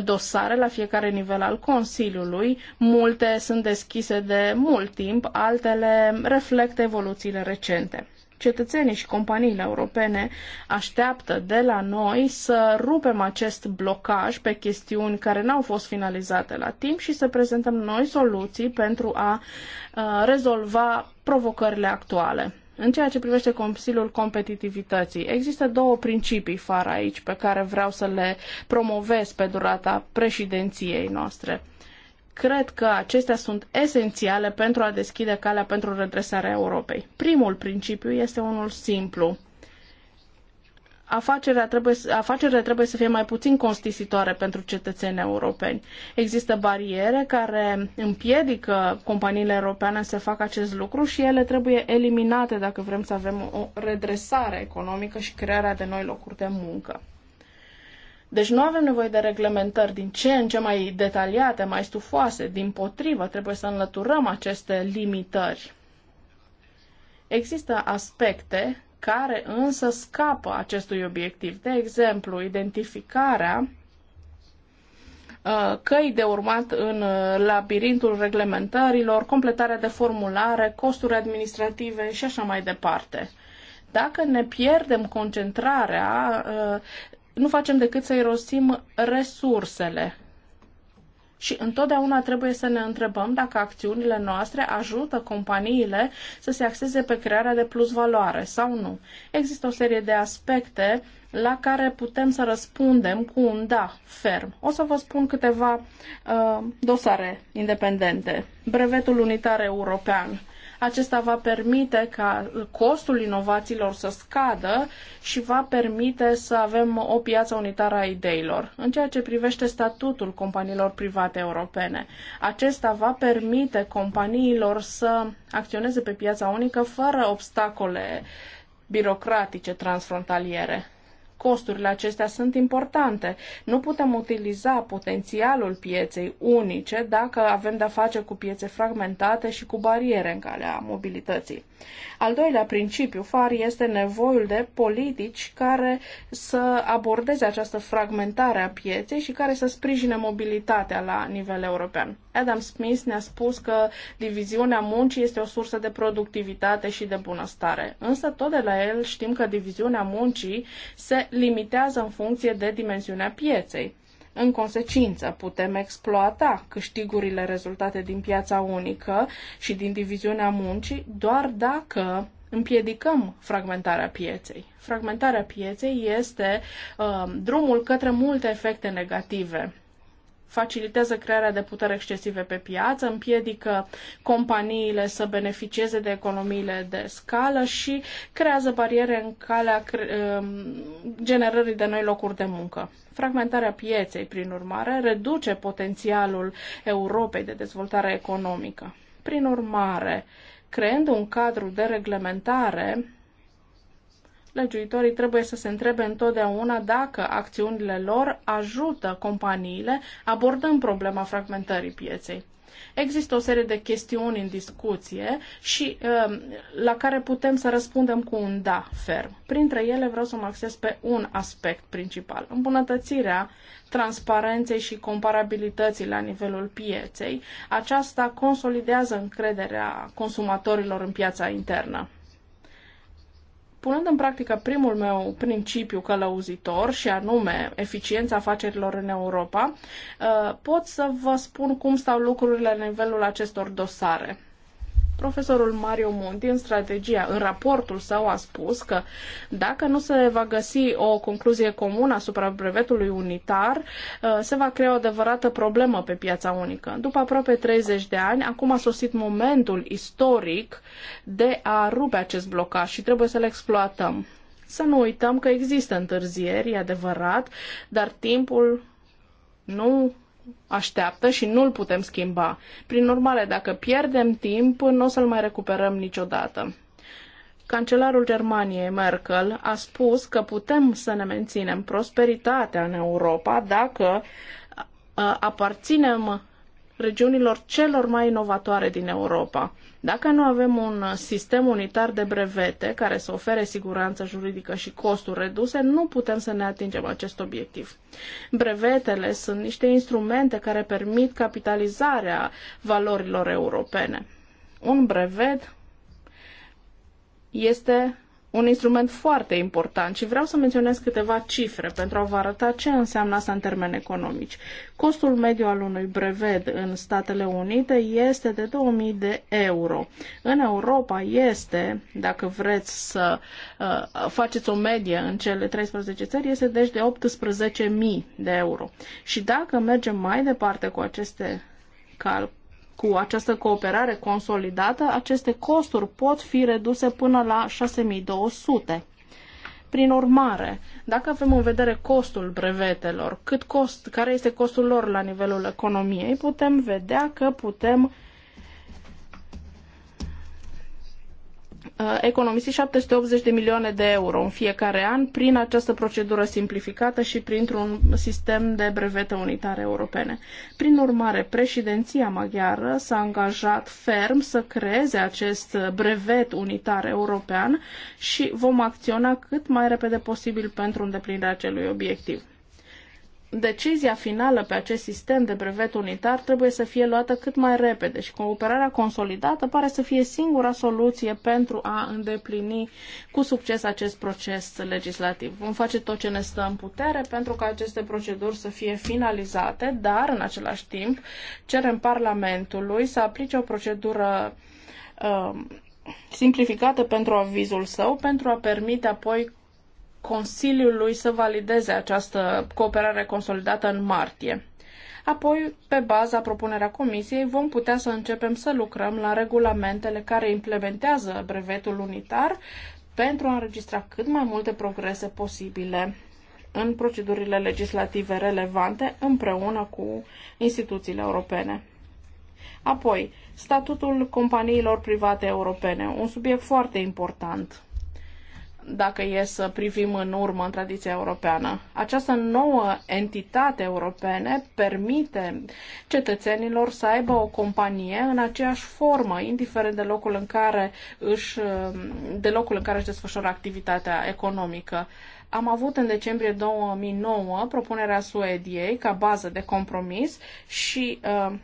dosare la fiecare nivel al Consiliului, multe sunt deschise de mult timp, altele reflectă evoluțiile recente. Cetățenii și companiile europene așteaptă de la noi să rupem acest blocaj pe chestiuni care n-au fost finalizate la timp și să prezentăm noi soluții pentru a uh, rezolva provocările actuale. În ceea ce privește Consiliul Competitivității, există două principii far aici pe care vreau să le promovez pe durata președinției noastre. Cred că acestea sunt esențiale pentru a deschide calea pentru redresarea Europei. Primul principiu este unul simplu afacerea trebuie, afacerile trebuie să fie mai puțin costisitoare pentru cetățenii europeni. Există bariere care împiedică companiile europene să facă acest lucru și ele trebuie eliminate dacă vrem să avem o redresare economică și crearea de noi locuri de muncă. Deci nu avem nevoie de reglementări din ce în ce mai detaliate, mai stufoase. Din potrivă, trebuie să înlăturăm aceste limitări. Există aspecte care însă scapă acestui obiectiv. De exemplu, identificarea uh, căi de urmat în uh, labirintul reglementărilor, completarea de formulare, costuri administrative și așa mai departe. Dacă ne pierdem concentrarea, uh, nu facem decât să irosim resursele și întotdeauna trebuie să ne întrebăm dacă acțiunile noastre ajută companiile să se axeze pe crearea de plus valoare sau nu. Există o serie de aspecte la care putem să răspundem cu un da ferm. O să vă spun câteva uh, dosare independente. Brevetul unitar european acesta va permite ca costul inovațiilor să scadă și va permite să avem o piață unitară a ideilor. În ceea ce privește statutul companiilor private europene, acesta va permite companiilor să acționeze pe piața unică fără obstacole birocratice transfrontaliere. Costurile acestea sunt importante. Nu putem utiliza potențialul pieței unice dacă avem de-a face cu piețe fragmentate și cu bariere în calea mobilității. Al doilea principiu far este nevoiul de politici care să abordeze această fragmentare a pieței și care să sprijine mobilitatea la nivel european. Adam Smith ne-a spus că diviziunea muncii este o sursă de productivitate și de bunăstare. Însă tot de la el știm că diviziunea muncii se limitează în funcție de dimensiunea pieței. În consecință, putem exploata câștigurile rezultate din piața unică și din diviziunea muncii doar dacă împiedicăm fragmentarea pieței. Fragmentarea pieței este uh, drumul către multe efecte negative facilitează crearea de putere excesive pe piață, împiedică companiile să beneficieze de economiile de scală și creează bariere în calea um, generării de noi locuri de muncă. Fragmentarea pieței, prin urmare, reduce potențialul Europei de dezvoltare economică. Prin urmare, creând un cadru de reglementare legiuitorii trebuie să se întrebe întotdeauna dacă acțiunile lor ajută companiile abordând problema fragmentării pieței. Există o serie de chestiuni în discuție și um, la care putem să răspundem cu un da ferm. Printre ele vreau să mă acces pe un aspect principal, îmbunătățirea transparenței și comparabilității la nivelul pieței. Aceasta consolidează încrederea consumatorilor în piața internă. Punând în practică primul meu principiu călăuzitor și anume eficiența afacerilor în Europa, uh, pot să vă spun cum stau lucrurile la nivelul acestor dosare. Profesorul Mario Monti în strategia, în raportul său a spus că dacă nu se va găsi o concluzie comună asupra brevetului unitar, uh, se va crea o adevărată problemă pe piața unică. După aproape 30 de ani, acum a sosit momentul istoric de a rupe acest blocaj și trebuie să-l exploatăm. Să nu uităm că există întârzieri, e adevărat, dar timpul nu așteaptă și nu-l putem schimba. Prin urmare, dacă pierdem timp, nu o să-l mai recuperăm niciodată. Cancelarul Germaniei, Merkel, a spus că putem să ne menținem prosperitatea în Europa dacă aparținem regiunilor celor mai inovatoare din Europa. Dacă nu avem un sistem unitar de brevete care să ofere siguranță juridică și costuri reduse, nu putem să ne atingem acest obiectiv. Brevetele sunt niște instrumente care permit capitalizarea valorilor europene. Un brevet este un instrument foarte important și vreau să menționez câteva cifre pentru a vă arăta ce înseamnă asta în termeni economici. Costul mediu al unui brevet în Statele Unite este de 2000 de euro. În Europa este, dacă vreți să uh, faceți o medie în cele 13 țări, este deci de 18.000 de euro. Și dacă mergem mai departe cu aceste calcule, cu această cooperare consolidată, aceste costuri pot fi reduse până la 6200. Prin urmare, dacă avem în vedere costul brevetelor, cât cost, care este costul lor la nivelul economiei, putem vedea că putem Uh, economisi 780 de milioane de euro în fiecare an prin această procedură simplificată și printr-un sistem de brevete unitare europene. Prin urmare, președinția maghiară s-a angajat ferm să creeze acest brevet unitar european și vom acționa cât mai repede posibil pentru îndeplinirea acelui obiectiv. Decizia finală pe acest sistem de brevet unitar trebuie să fie luată cât mai repede și cooperarea consolidată pare să fie singura soluție pentru a îndeplini cu succes acest proces legislativ. Vom face tot ce ne stă în putere pentru ca aceste proceduri să fie finalizate, dar în același timp cerem Parlamentului să aplice o procedură uh, simplificată pentru avizul său pentru a permite apoi Consiliului să valideze această cooperare consolidată în martie. Apoi, pe baza propunerea Comisiei, vom putea să începem să lucrăm la regulamentele care implementează brevetul unitar pentru a înregistra cât mai multe progrese posibile în procedurile legislative relevante împreună cu instituțiile europene. Apoi, statutul companiilor private europene, un subiect foarte important dacă e să privim în urmă în tradiția europeană. Această nouă entitate europene permite cetățenilor să aibă o companie în aceeași formă, indiferent de locul în care își, de locul în care își desfășoară activitatea economică. Am avut în decembrie 2009 propunerea Suediei ca bază de compromis și uh,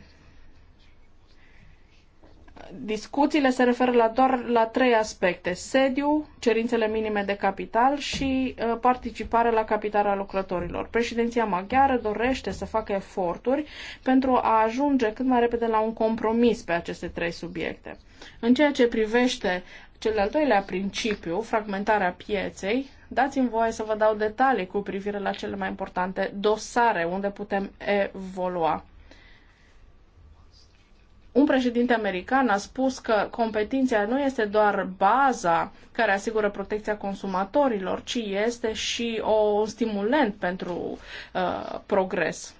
Discuțiile se referă la doar la trei aspecte. Sediu, cerințele minime de capital și uh, participare la capitala lucrătorilor. Președinția maghiară dorește să facă eforturi pentru a ajunge cât mai repede la un compromis pe aceste trei subiecte. În ceea ce privește cel de-al doilea principiu, fragmentarea pieței, dați-mi voie să vă dau detalii cu privire la cele mai importante dosare unde putem evolua un președinte american a spus că competiția nu este doar baza care asigură protecția consumatorilor, ci este și o stimulant pentru uh, progres.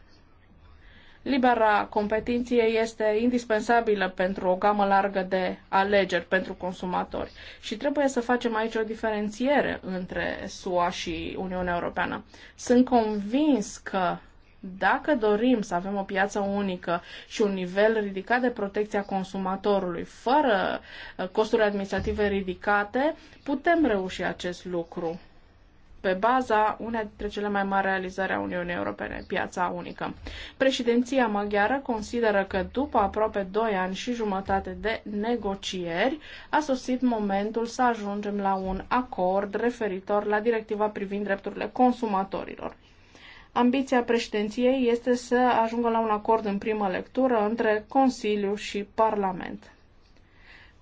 Libera competiție este indispensabilă pentru o gamă largă de alegeri pentru consumatori și trebuie să facem aici o diferențiere între SUA și Uniunea Europeană. Sunt convins că dacă dorim să avem o piață unică și un nivel ridicat de protecție a consumatorului, fără uh, costuri administrative ridicate, putem reuși acest lucru pe baza una dintre cele mai mari realizări a Uniunii Europene, piața unică. Președinția maghiară consideră că după aproape 2 ani și jumătate de negocieri a sosit momentul să ajungem la un acord referitor la directiva privind drepturile consumatorilor. Ambiția președinției este să ajungă la un acord în primă lectură între Consiliu și Parlament.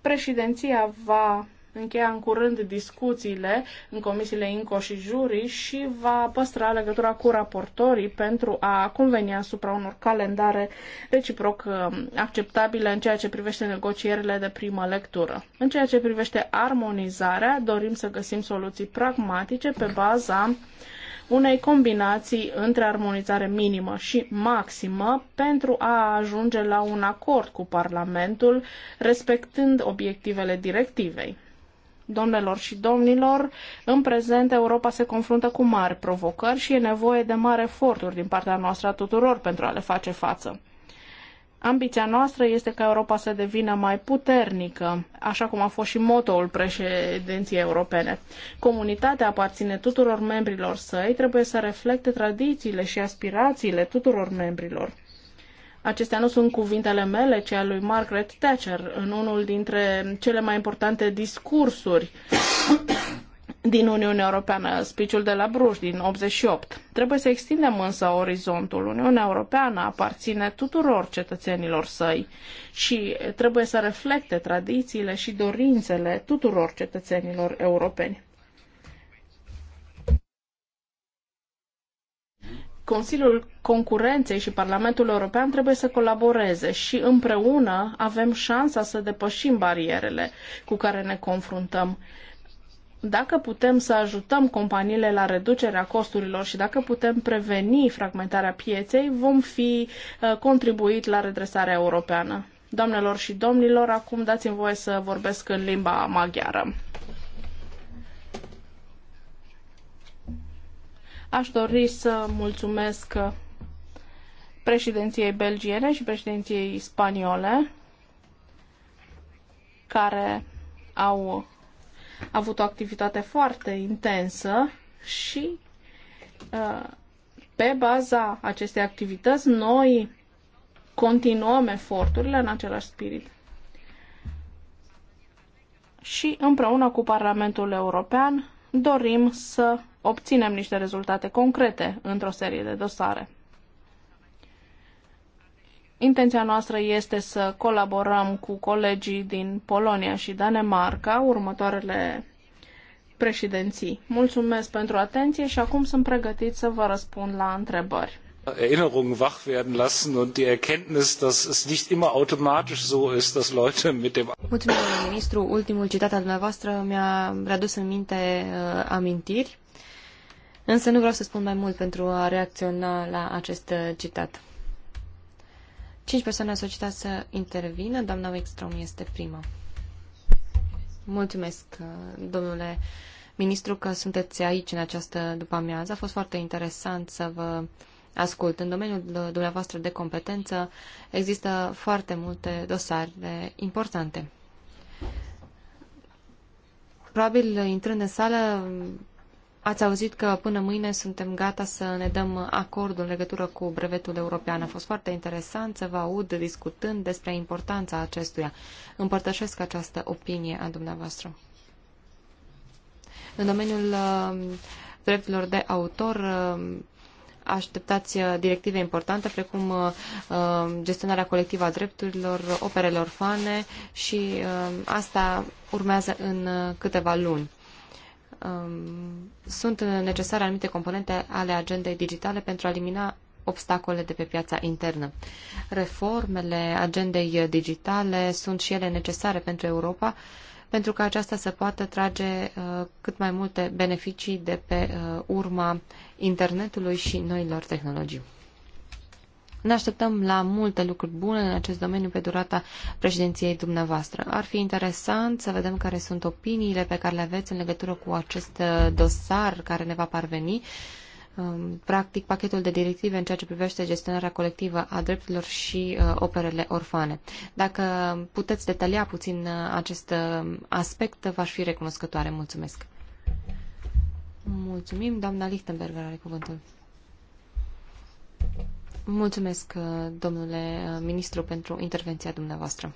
Președinția va încheia în curând discuțiile în comisiile INCO și juri și va păstra legătura cu raportorii pentru a conveni asupra unor calendare reciproc um, acceptabile în ceea ce privește negocierile de primă lectură. În ceea ce privește armonizarea, dorim să găsim soluții pragmatice pe baza unei combinații între armonizare minimă și maximă pentru a ajunge la un acord cu Parlamentul, respectând obiectivele directivei. Domnilor și domnilor, în prezent Europa se confruntă cu mari provocări și e nevoie de mari eforturi din partea noastră a tuturor pentru a le face față. Ambiția noastră este ca Europa să devină mai puternică, așa cum a fost și motoul președinției europene. Comunitatea aparține tuturor membrilor săi, trebuie să reflecte tradițiile și aspirațiile tuturor membrilor. Acestea nu sunt cuvintele mele, ci ale lui Margaret Thatcher în unul dintre cele mai importante discursuri din Uniunea Europeană, spiciul de la Bruj din 88. Trebuie să extindem însă orizontul. Uniunea Europeană aparține tuturor cetățenilor săi și trebuie să reflecte tradițiile și dorințele tuturor cetățenilor europeni. Consiliul Concurenței și Parlamentul European trebuie să colaboreze și împreună avem șansa să depășim barierele cu care ne confruntăm dacă putem să ajutăm companiile la reducerea costurilor și dacă putem preveni fragmentarea pieței, vom fi uh, contribuit la redresarea europeană. Doamnelor și domnilor, acum dați-mi voie să vorbesc în limba maghiară. Aș dori să mulțumesc președinției belgiene și președinției spaniole care au a avut o activitate foarte intensă și uh, pe baza acestei activități noi continuăm eforturile în același spirit. Și împreună cu Parlamentul European dorim să obținem niște rezultate concrete într-o serie de dosare. Intenția noastră este să colaborăm cu colegii din Polonia și Danemarca următoarele președinții. Mulțumesc pentru atenție și acum sunt pregătit să vă răspund la întrebări. Erinnerungen wach werden lassen und die Erkenntnis, dass es nicht immer automatisch so ist, dass Leute mit dem Mulțumesc, domnule ministru. Ultimul citat al dumneavoastră mi-a readus în minte uh, amintiri, însă nu vreau să spun mai mult pentru a reacționa la acest uh, citat. Cinci persoane au solicitat să intervină. Doamna Wickstrom este prima. Mulțumesc, domnule ministru, că sunteți aici în această după-amiază. A fost foarte interesant să vă ascult. În domeniul dumneavoastră de competență există foarte multe dosare importante. Probabil, intrând în sală, Ați auzit că până mâine suntem gata să ne dăm acordul în legătură cu brevetul european. A fost foarte interesant să vă aud discutând despre importanța acestuia. Împărtășesc această opinie a dumneavoastră. În domeniul uh, drepturilor de autor, uh, așteptați uh, directive importante precum gestionarea colectivă a drepturilor, operelor fane și asta urmează în câteva luni um, sunt necesare anumite componente ale agendei digitale pentru a elimina obstacole de pe piața internă. Reformele agendei digitale sunt și ele necesare pentru Europa, pentru ca aceasta să poată trage uh, cât mai multe beneficii de pe uh, urma internetului și noilor tehnologii. Ne așteptăm la multe lucruri bune în acest domeniu pe durata președinției dumneavoastră. Ar fi interesant să vedem care sunt opiniile pe care le aveți în legătură cu acest uh, dosar care ne va parveni um, practic pachetul de directive în ceea ce privește gestionarea colectivă a drepturilor și uh, operele orfane. Dacă puteți detalia puțin uh, acest uh, aspect, v-aș fi recunoscătoare. Mulțumesc! Mulțumim, doamna Lichtenberger are cuvântul. Mulțumesc, uh, domnule uh, ministru, pentru intervenția dumneavoastră.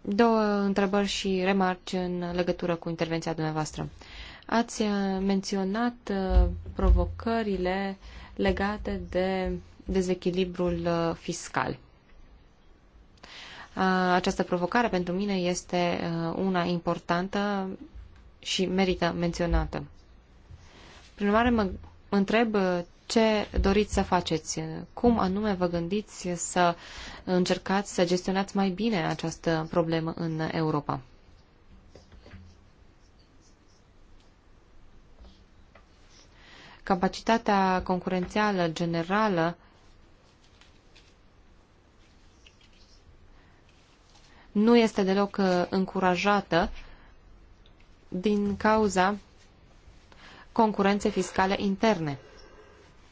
Două întrebări și remarci în legătură cu intervenția dumneavoastră. Ați uh, menționat provocările legate de dezechilibrul fiscal. Această provocare pentru mine este una importantă și merită menționată. Prin urmare, mă întreb uh, ce doriți să faceți, cum anume vă gândiți să încercați să gestionați mai bine această problemă în Europa. Capacitatea concurențială generală nu este deloc uh, încurajată din cauza concurențe fiscale interne,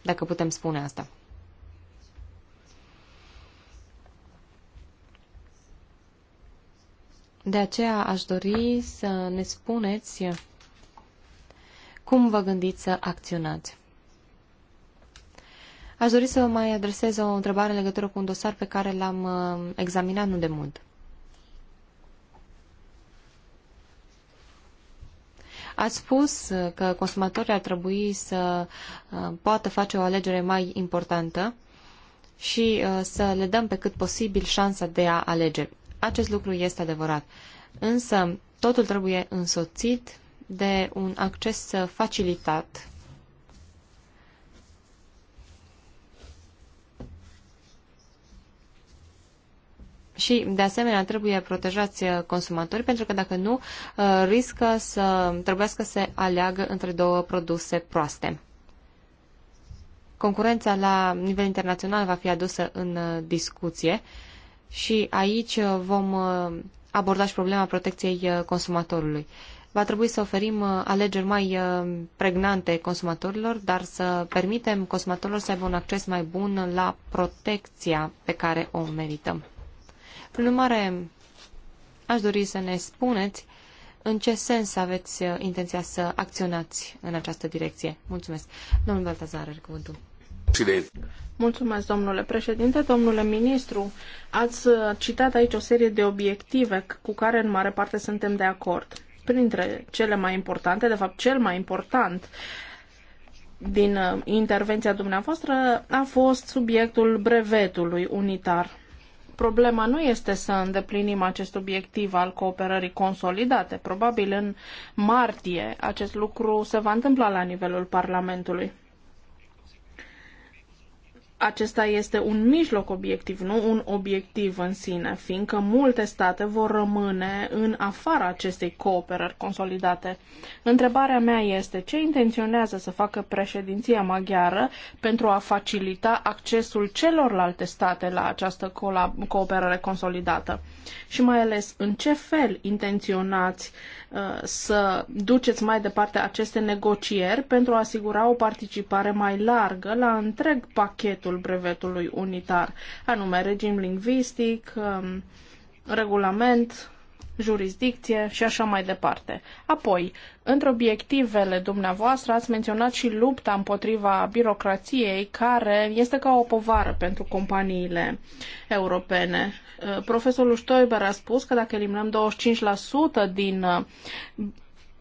dacă putem spune asta. De aceea aș dori să ne spuneți cum vă gândiți să acționați. Aș dori să vă mai adresez o întrebare în legătură cu un dosar pe care l-am uh, examinat nu de mult. Ați spus uh, că consumatorii ar trebui să uh, poată face o alegere mai importantă și uh, să le dăm pe cât posibil șansa de a alege. Acest lucru este adevărat. Însă, totul trebuie însoțit de un acces facilitat Și, de asemenea, trebuie protejați uh, consumatorii, pentru că dacă nu, uh, riscă să trebuiască să aleagă între două produse proaste. Concurența la nivel internațional va fi adusă în uh, discuție și aici vom aborda și problema protecției consumatorului. Va trebui să oferim alegeri mai pregnante consumatorilor, dar să permitem consumatorilor să aibă un acces mai bun la protecția pe care o merităm. Prin urmare, aș dori să ne spuneți în ce sens aveți uh, intenția să acționați în această direcție. Mulțumesc. Domnul Baltazar, are cuvântul. Mulțumesc, domnule președinte. Domnule ministru, ați uh, citat aici o serie de obiective cu care în mare parte suntem de acord. Printre cele mai importante, de fapt cel mai important din uh, intervenția dumneavoastră a fost subiectul brevetului unitar problema nu este să îndeplinim acest obiectiv al cooperării consolidate. Probabil în martie acest lucru se va întâmpla la nivelul Parlamentului acesta este un mijloc obiectiv, nu un obiectiv în sine, fiindcă multe state vor rămâne în afara acestei cooperări consolidate. Întrebarea mea este ce intenționează să facă președinția maghiară pentru a facilita accesul celorlalte state la această cooperare consolidată? Și mai ales, în ce fel intenționați Uh, să duceți mai departe aceste negocieri pentru a asigura o participare mai largă la întreg pachetul brevetului unitar, anume regim lingvistic, um, regulament, jurisdicție și așa mai departe. Apoi, între obiectivele dumneavoastră ați menționat și lupta împotriva birocrației, care este ca o povară pentru companiile europene. Uh, profesorul Stoiber a spus că dacă eliminăm 25% din uh,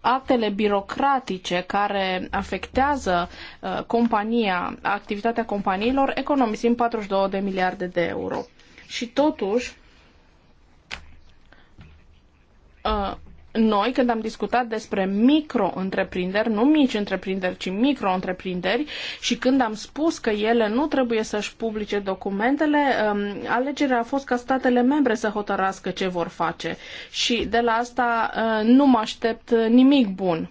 actele birocratice care afectează uh, compania, activitatea companiilor, economisim 42 de miliarde de euro. Și totuși, Uh, noi, când am discutat despre micro-întreprinderi, nu mici întreprinderi, ci micro-întreprinderi, și când am spus că ele nu trebuie să-și publice documentele, um, alegerea a fost ca statele membre să hotărască ce vor face. Și de la asta uh, nu mă aștept nimic bun.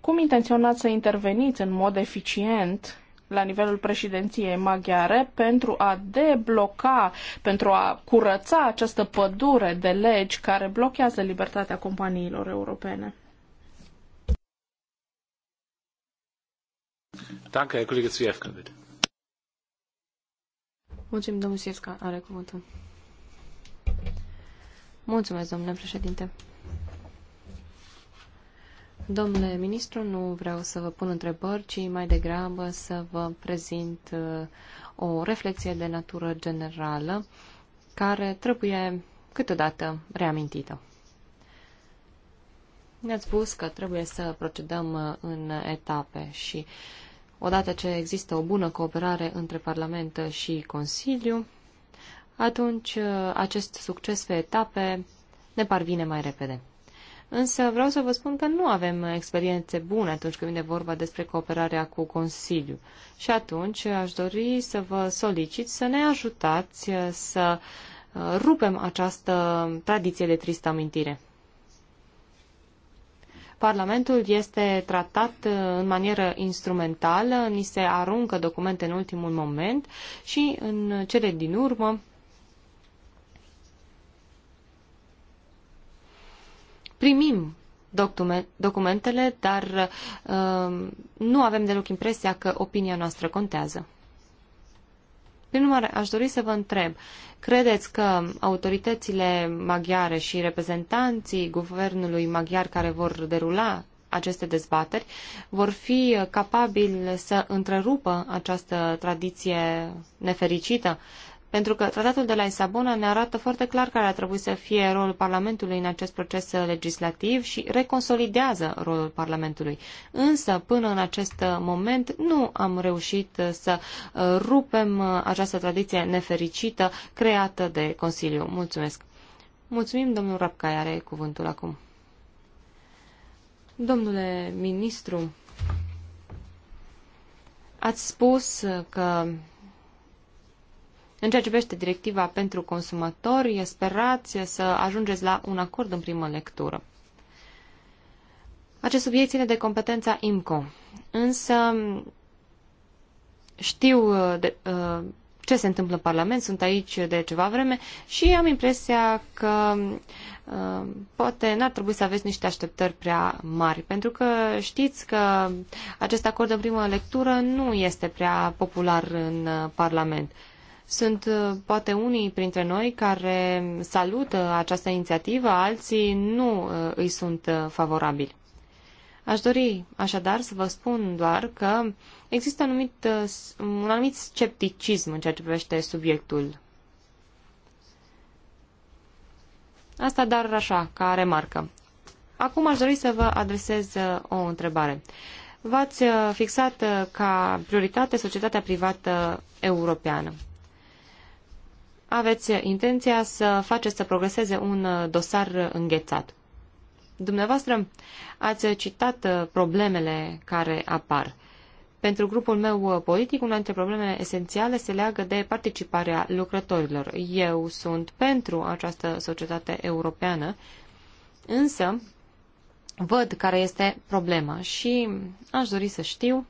Cum intenționați să interveniți în mod eficient la nivelul președinției maghiare pentru a debloca, pentru a curăța această pădure de legi care blochează libertatea companiilor europene. Danke, Herr Kollege Zwiefka, bitte. Mulțumim, domnul Siesca, are cuvântul. Mulțumesc, domnule președinte. Domnule ministru, nu vreau să vă pun întrebări, ci mai degrabă să vă prezint uh, o reflexie de natură generală care trebuie câteodată reamintită. Ne-ați spus că trebuie să procedăm uh, în etape și odată ce există o bună cooperare între Parlament și Consiliu, atunci uh, acest succes pe etape ne parvine mai repede. Însă vreau să vă spun că nu avem experiențe bune atunci când vine vorba despre cooperarea cu Consiliu. Și atunci aș dori să vă solicit să ne ajutați să uh, rupem această tradiție de tristă amintire. Parlamentul este tratat uh, în manieră instrumentală, ni se aruncă documente în ultimul moment și în cele din urmă primim documentele, dar uh, nu avem deloc impresia că opinia noastră contează. Prin urmare, aș dori să vă întreb, credeți că autoritățile maghiare și reprezentanții guvernului maghiar care vor derula aceste dezbateri vor fi capabili să întrerupă această tradiție nefericită pentru că tratatul de la Lisabona ne arată foarte clar care ar trebui să fie rolul Parlamentului în acest proces legislativ și reconsolidează rolul Parlamentului. Însă, până în acest moment, nu am reușit să uh, rupem uh, această tradiție nefericită creată de Consiliu. Mulțumesc! Mulțumim, domnul Rapcai, are cuvântul acum. Domnule ministru, ați spus că în ceea ce privește directiva pentru consumatori, sperați să ajungeți la un acord în primă lectură. Acest subiect ține de competența IMCO, însă știu uh, de, uh, ce se întâmplă în Parlament, sunt aici de ceva vreme și am impresia că uh, poate n-ar trebui să aveți niște așteptări prea mari, pentru că știți că acest acord în primă lectură nu este prea popular în Parlament. Sunt uh, poate unii printre noi care salută această inițiativă, alții nu uh, îi sunt uh, favorabili. Aș dori așadar să vă spun doar că există anumit, un anumit scepticism în ceea ce privește subiectul. Asta dar așa, ca remarcă. Acum aș dori să vă adresez o întrebare. V-ați fixat ca prioritate societatea privată europeană aveți intenția să faceți să progreseze un uh, dosar înghețat. Dumneavoastră ați citat uh, problemele care apar. Pentru grupul meu uh, politic, una dintre problemele esențiale se leagă de participarea lucrătorilor. Eu sunt pentru această societate europeană, însă văd care este problema și aș dori să știu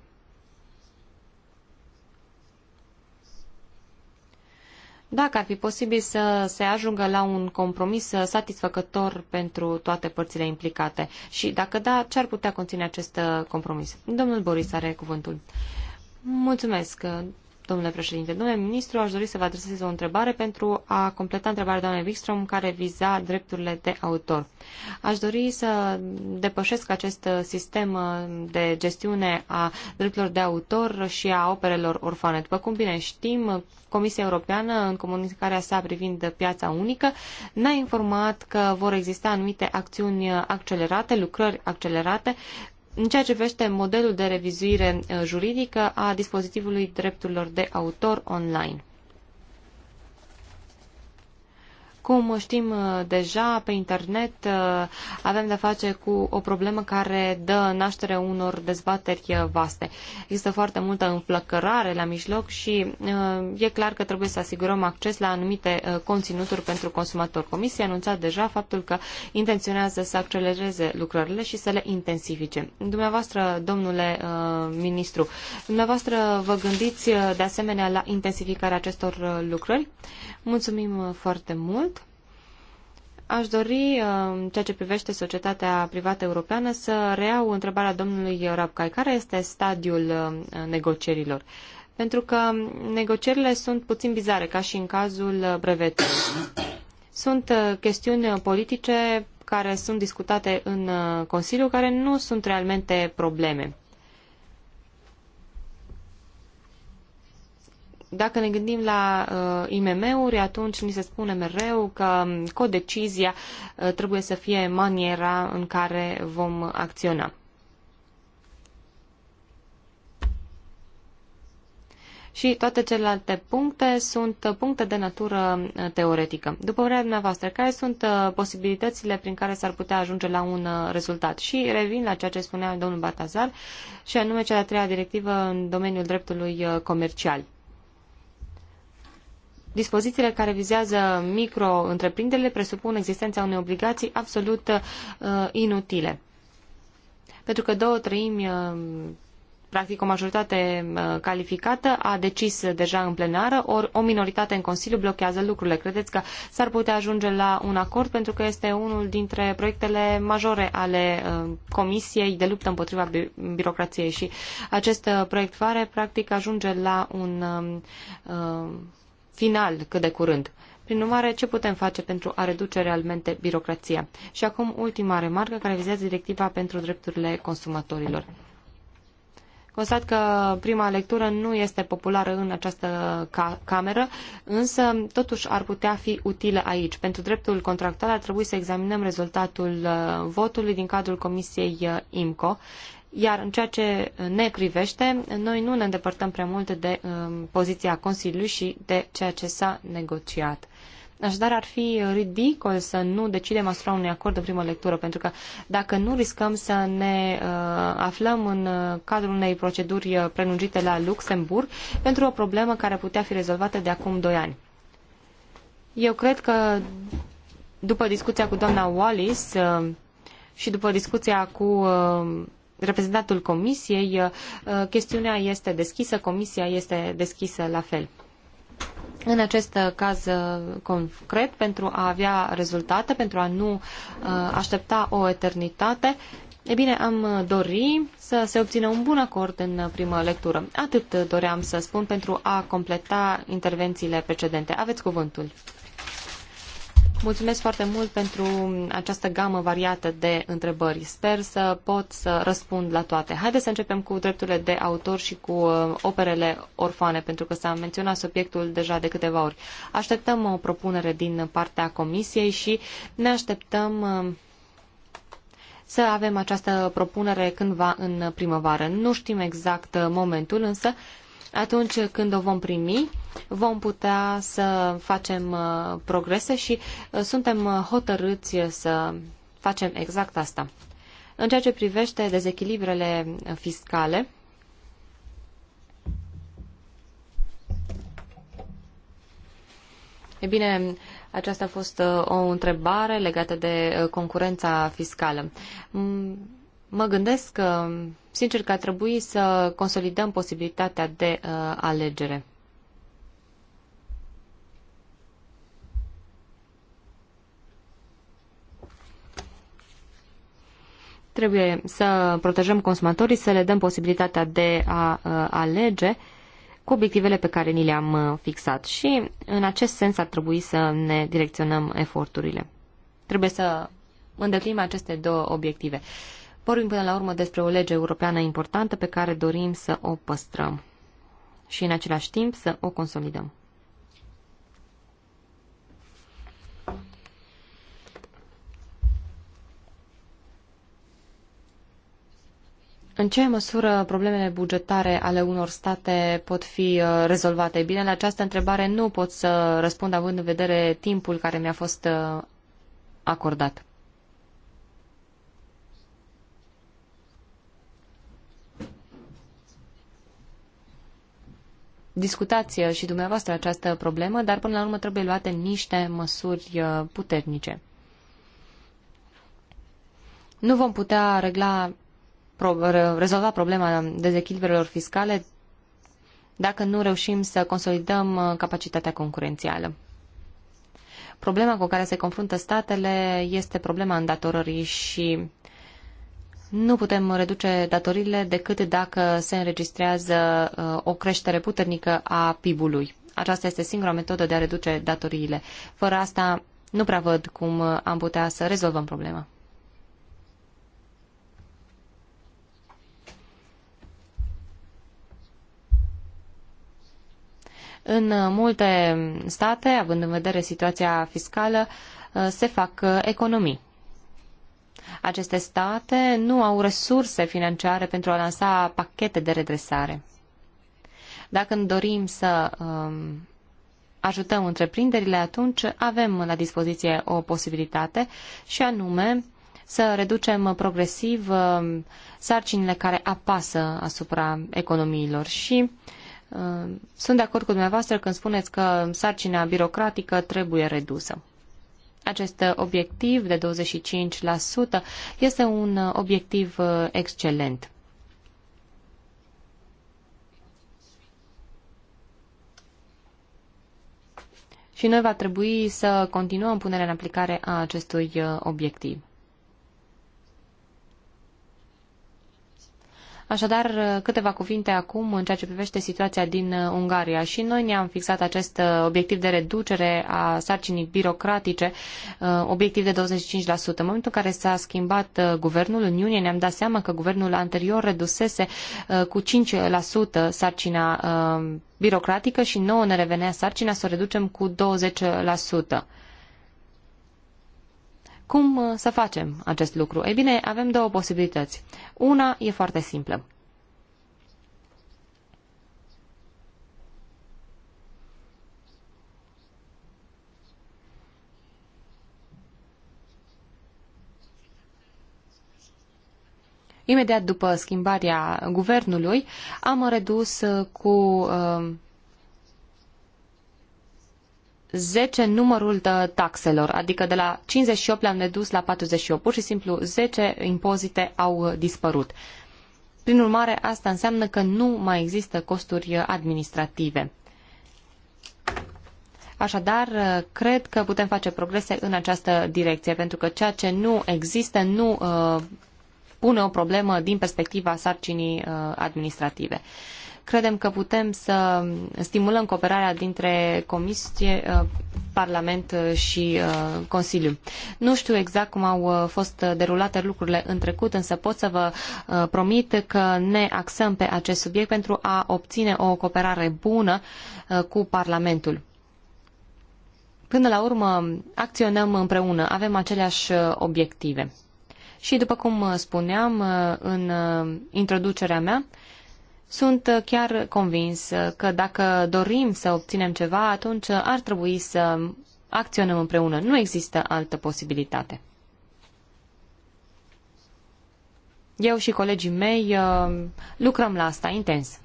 Dacă ar fi posibil să se ajungă la un compromis uh, satisfăcător pentru toate părțile implicate și dacă da, ce ar putea conține acest uh, compromis? Domnul Boris are cuvântul. Mulțumesc, Domnule președinte, domnule ministru, aș dori să vă adresez o întrebare pentru a completa întrebarea doamnei Wikström care viza drepturile de autor. Aș dori să depășesc acest sistem de gestiune a drepturilor de autor și a operelor orfane. După cum bine știm, Comisia Europeană, în comunicarea sa privind piața unică, ne-a informat că vor exista anumite acțiuni accelerate, lucrări accelerate, în ceea ce vește modelul de revizuire uh, juridică a dispozitivului drepturilor de autor online. Cum știm uh, deja, pe internet uh, avem de face cu o problemă care dă naștere unor dezbateri uh, vaste. Există foarte multă înflăcărare la mijloc și e clar că trebuie să asigurăm acces la anumite conținuturi pentru consumator. Comisia a anunțat deja faptul că intenționează să accelereze lucrările și să le intensifice. Dumneavoastră, domnule ministru, dumneavoastră vă gândiți de asemenea la intensificarea acestor lucrări? Mulțumim foarte mult! Aș dori, uh, în ceea ce privește societatea privată europeană, să reiau întrebarea domnului Rapcai. Care este stadiul uh, negocierilor? Pentru că negocierile sunt puțin bizare, ca și în cazul uh, brevetului. Sunt chestiuni politice care sunt discutate în Consiliu, care nu sunt realmente probleme. Dacă ne gândim la uh, IMM-uri, atunci ni se spune mereu că um, codecizia uh, trebuie să fie maniera în care vom acționa. și toate celelalte puncte sunt puncte de natură uh, teoretică. După vrea dumneavoastră, care sunt uh, posibilitățile prin care s-ar putea ajunge la un uh, rezultat? Și revin la ceea ce spunea domnul Batazar, și anume cea de-a treia directivă în domeniul dreptului comercial. Dispozițiile care vizează micro-întreprinderile presupun existența unei obligații absolut uh, inutile. Pentru că două treimi uh, practic o majoritate uh, calificată a decis deja în plenară, ori o minoritate în Consiliu blochează lucrurile. Credeți că s-ar putea ajunge la un acord pentru că este unul dintre proiectele majore ale uh, Comisiei de luptă împotriva bi birocrației și acest uh, proiect fare practic ajunge la un um, final cât de curând. Prin urmare, ce putem face pentru a reduce realmente birocrația? Și acum ultima remarcă care vizează directiva pentru drepturile consumatorilor. Constat că prima lectură nu este populară în această ca- cameră, însă totuși ar putea fi utilă aici. Pentru dreptul contractual ar trebui să examinăm rezultatul uh, votului din cadrul Comisiei uh, IMCO, iar în ceea ce ne privește, noi nu ne îndepărtăm prea mult de um, poziția Consiliului și de ceea ce s-a negociat. Așadar, ar fi ridicol să nu decidem asupra unui acord în primă lectură, pentru că dacă nu riscăm să ne uh, aflăm în uh, cadrul unei proceduri uh, prelungite la Luxemburg pentru o problemă care putea fi rezolvată de acum doi ani. Eu cred că după discuția cu doamna Wallis uh, și după discuția cu uh, reprezentantul comisiei, uh, chestiunea este deschisă, comisia este deschisă la fel. În acest caz uh, concret, pentru a avea rezultate, pentru a nu uh, aștepta o eternitate, E bine, am dori să se obțină un bun acord în primă lectură. Atât doream să spun pentru a completa intervențiile precedente. Aveți cuvântul. Mulțumesc foarte mult pentru această gamă variată de întrebări. Sper să pot să răspund la toate. Haideți să începem cu drepturile de autor și cu uh, operele orfane, pentru că s-a menționat subiectul deja de câteva ori. Așteptăm o propunere din partea Comisiei și ne așteptăm uh, să avem această propunere cândva în primăvară. Nu știm exact uh, momentul, însă atunci când o vom primi, vom putea să facem uh, progrese și uh, suntem uh, hotărâți să facem exact asta. În ceea ce privește dezechilibrele fiscale, E bine, aceasta a fost o întrebare legată de concurența fiscală. Mă gândesc, sincer, că ar trebui să consolidăm posibilitatea de alegere. Trebuie să protejăm consumatorii, să le dăm posibilitatea de a alege cu obiectivele pe care ni le-am fixat și în acest sens ar trebui să ne direcționăm eforturile. Trebuie să îndeplinim aceste două obiective. Vorbim până la urmă despre o lege europeană importantă pe care dorim să o păstrăm și în același timp să o consolidăm. În ce măsură problemele bugetare ale unor state pot fi uh, rezolvate? Bine, la această întrebare nu pot să răspund având în vedere timpul care mi-a fost uh, acordat. Discutați uh, și dumneavoastră această problemă, dar până la urmă trebuie luate niște măsuri puternice. Nu vom putea regla rezolva problema dezechilibrelor fiscale dacă nu reușim să consolidăm uh, capacitatea concurențială. Problema cu care se confruntă statele este problema îndatorării și nu putem reduce datoriile decât dacă se înregistrează uh, o creștere puternică a PIB-ului. Aceasta este singura metodă de a reduce datoriile. Fără asta, nu prea văd cum am putea să rezolvăm problema. În uh, multe state, având în vedere situația fiscală, uh, se fac uh, economii. Aceste state nu au resurse financiare pentru a lansa pachete de redresare. Dacă dorim să um, ajutăm întreprinderile, atunci avem la dispoziție o posibilitate și anume să reducem progresiv um, sarcinile care apasă asupra economiilor și Uh, sunt de acord cu dumneavoastră când spuneți că sarcina birocratică trebuie redusă. Acest obiectiv de 25% este un obiectiv uh, excelent. Și noi va trebui să continuăm punerea în aplicare a acestui uh, obiectiv. Așadar, câteva cuvinte acum în ceea ce privește situația din uh, Ungaria. Și noi ne-am fixat acest uh, obiectiv de reducere a sarcinii birocratice, uh, obiectiv de 25%. În momentul în care s-a schimbat guvernul în iunie, ne-am dat seama că guvernul anterior redusese cu 5% sarcina birocratică și nouă ne revenea sarcina să o reducem cu 20%. Cum uh, să facem acest lucru? Ei bine, avem două posibilități. Una e foarte simplă. Imediat după schimbarea guvernului, am redus uh, cu uh, 10 numărul taxelor, adică de la 58 le-am redus la 48. Pur și simplu 10 impozite au dispărut. Prin urmare, asta înseamnă că nu mai există costuri administrative. Așadar, cred că putem face progrese în această direcție, pentru că ceea ce nu există nu uh, pune o problemă din perspectiva sarcinii uh, administrative. Credem că putem să stimulăm cooperarea dintre Comisie, uh, Parlament uh, și uh, Consiliu. Nu știu exact cum au fost derulate lucrurile în trecut, însă pot să vă promit că ne axăm pe acest subiect pentru a obține o cooperare bună cu Parlamentul. Până la urmă, acționăm împreună, avem aceleași obiective. Și după cum spuneam în introducerea mea, sunt uh, chiar convins uh, că dacă dorim să obținem ceva, atunci uh, ar trebui să acționăm împreună. Nu există altă posibilitate. Eu și colegii mei lucrăm la asta intens.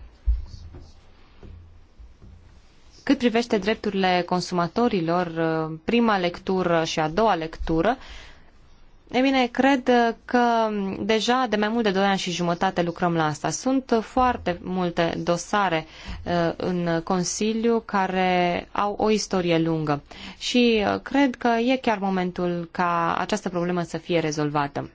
Cât privește drepturile consumatorilor, prima lectură și a doua lectură, E bine, cred că deja de mai mult de 2 ani și jumătate lucrăm la asta. Sunt foarte multe dosare uh, în Consiliu care au o istorie lungă și uh, cred că e chiar momentul ca această problemă să fie rezolvată.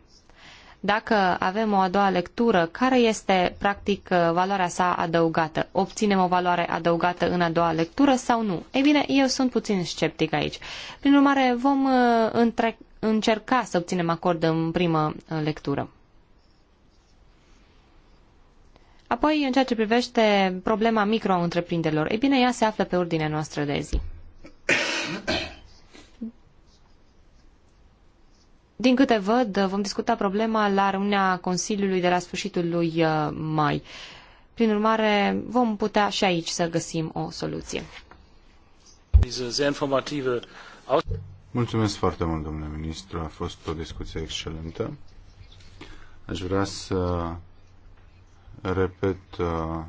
Dacă avem o a doua lectură, care este practic uh, valoarea sa adăugată? Obținem o valoare adăugată în a doua lectură sau nu? Ei bine, eu sunt puțin sceptic aici. Prin urmare, vom între încerca să obținem acord în primă uh, lectură. Apoi, în ceea ce privește problema micro-întreprinderilor, ei bine, ea se află pe ordinea noastră de zi. Din câte văd, vom discuta problema la reuniunea Consiliului de la sfârșitul lui uh, mai. Prin urmare, vom putea și aici să găsim o soluție. Mulțumesc foarte mult, domnule ministru. A fost o discuție excelentă. Aș vrea să repet uh,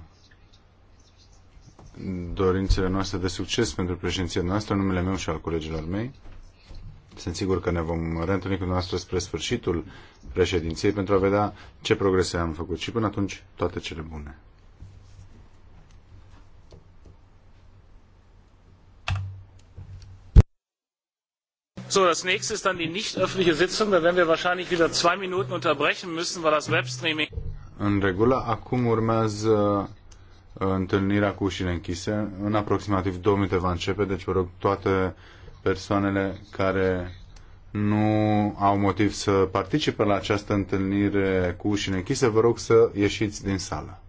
dorințele noastre de succes pentru președinția noastră, numele meu și al colegilor mei. Sunt sigur că ne vom reîntâlni cu noastră spre sfârșitul președinției pentru a vedea ce progrese am făcut și până atunci toate cele bune. das nächste ist dann die nicht öffentliche Sitzung. Da werden wir wahrscheinlich wieder zwei Minuten unterbrechen müssen, weil das Webstreaming. În regulă, acum urmează uh, întâlnirea cu ușile închise. În aproximativ două minute va începe, deci vă rog toate persoanele care nu au motiv să participe la această întâlnire cu ușile închise, vă rog să ieșiți din sală.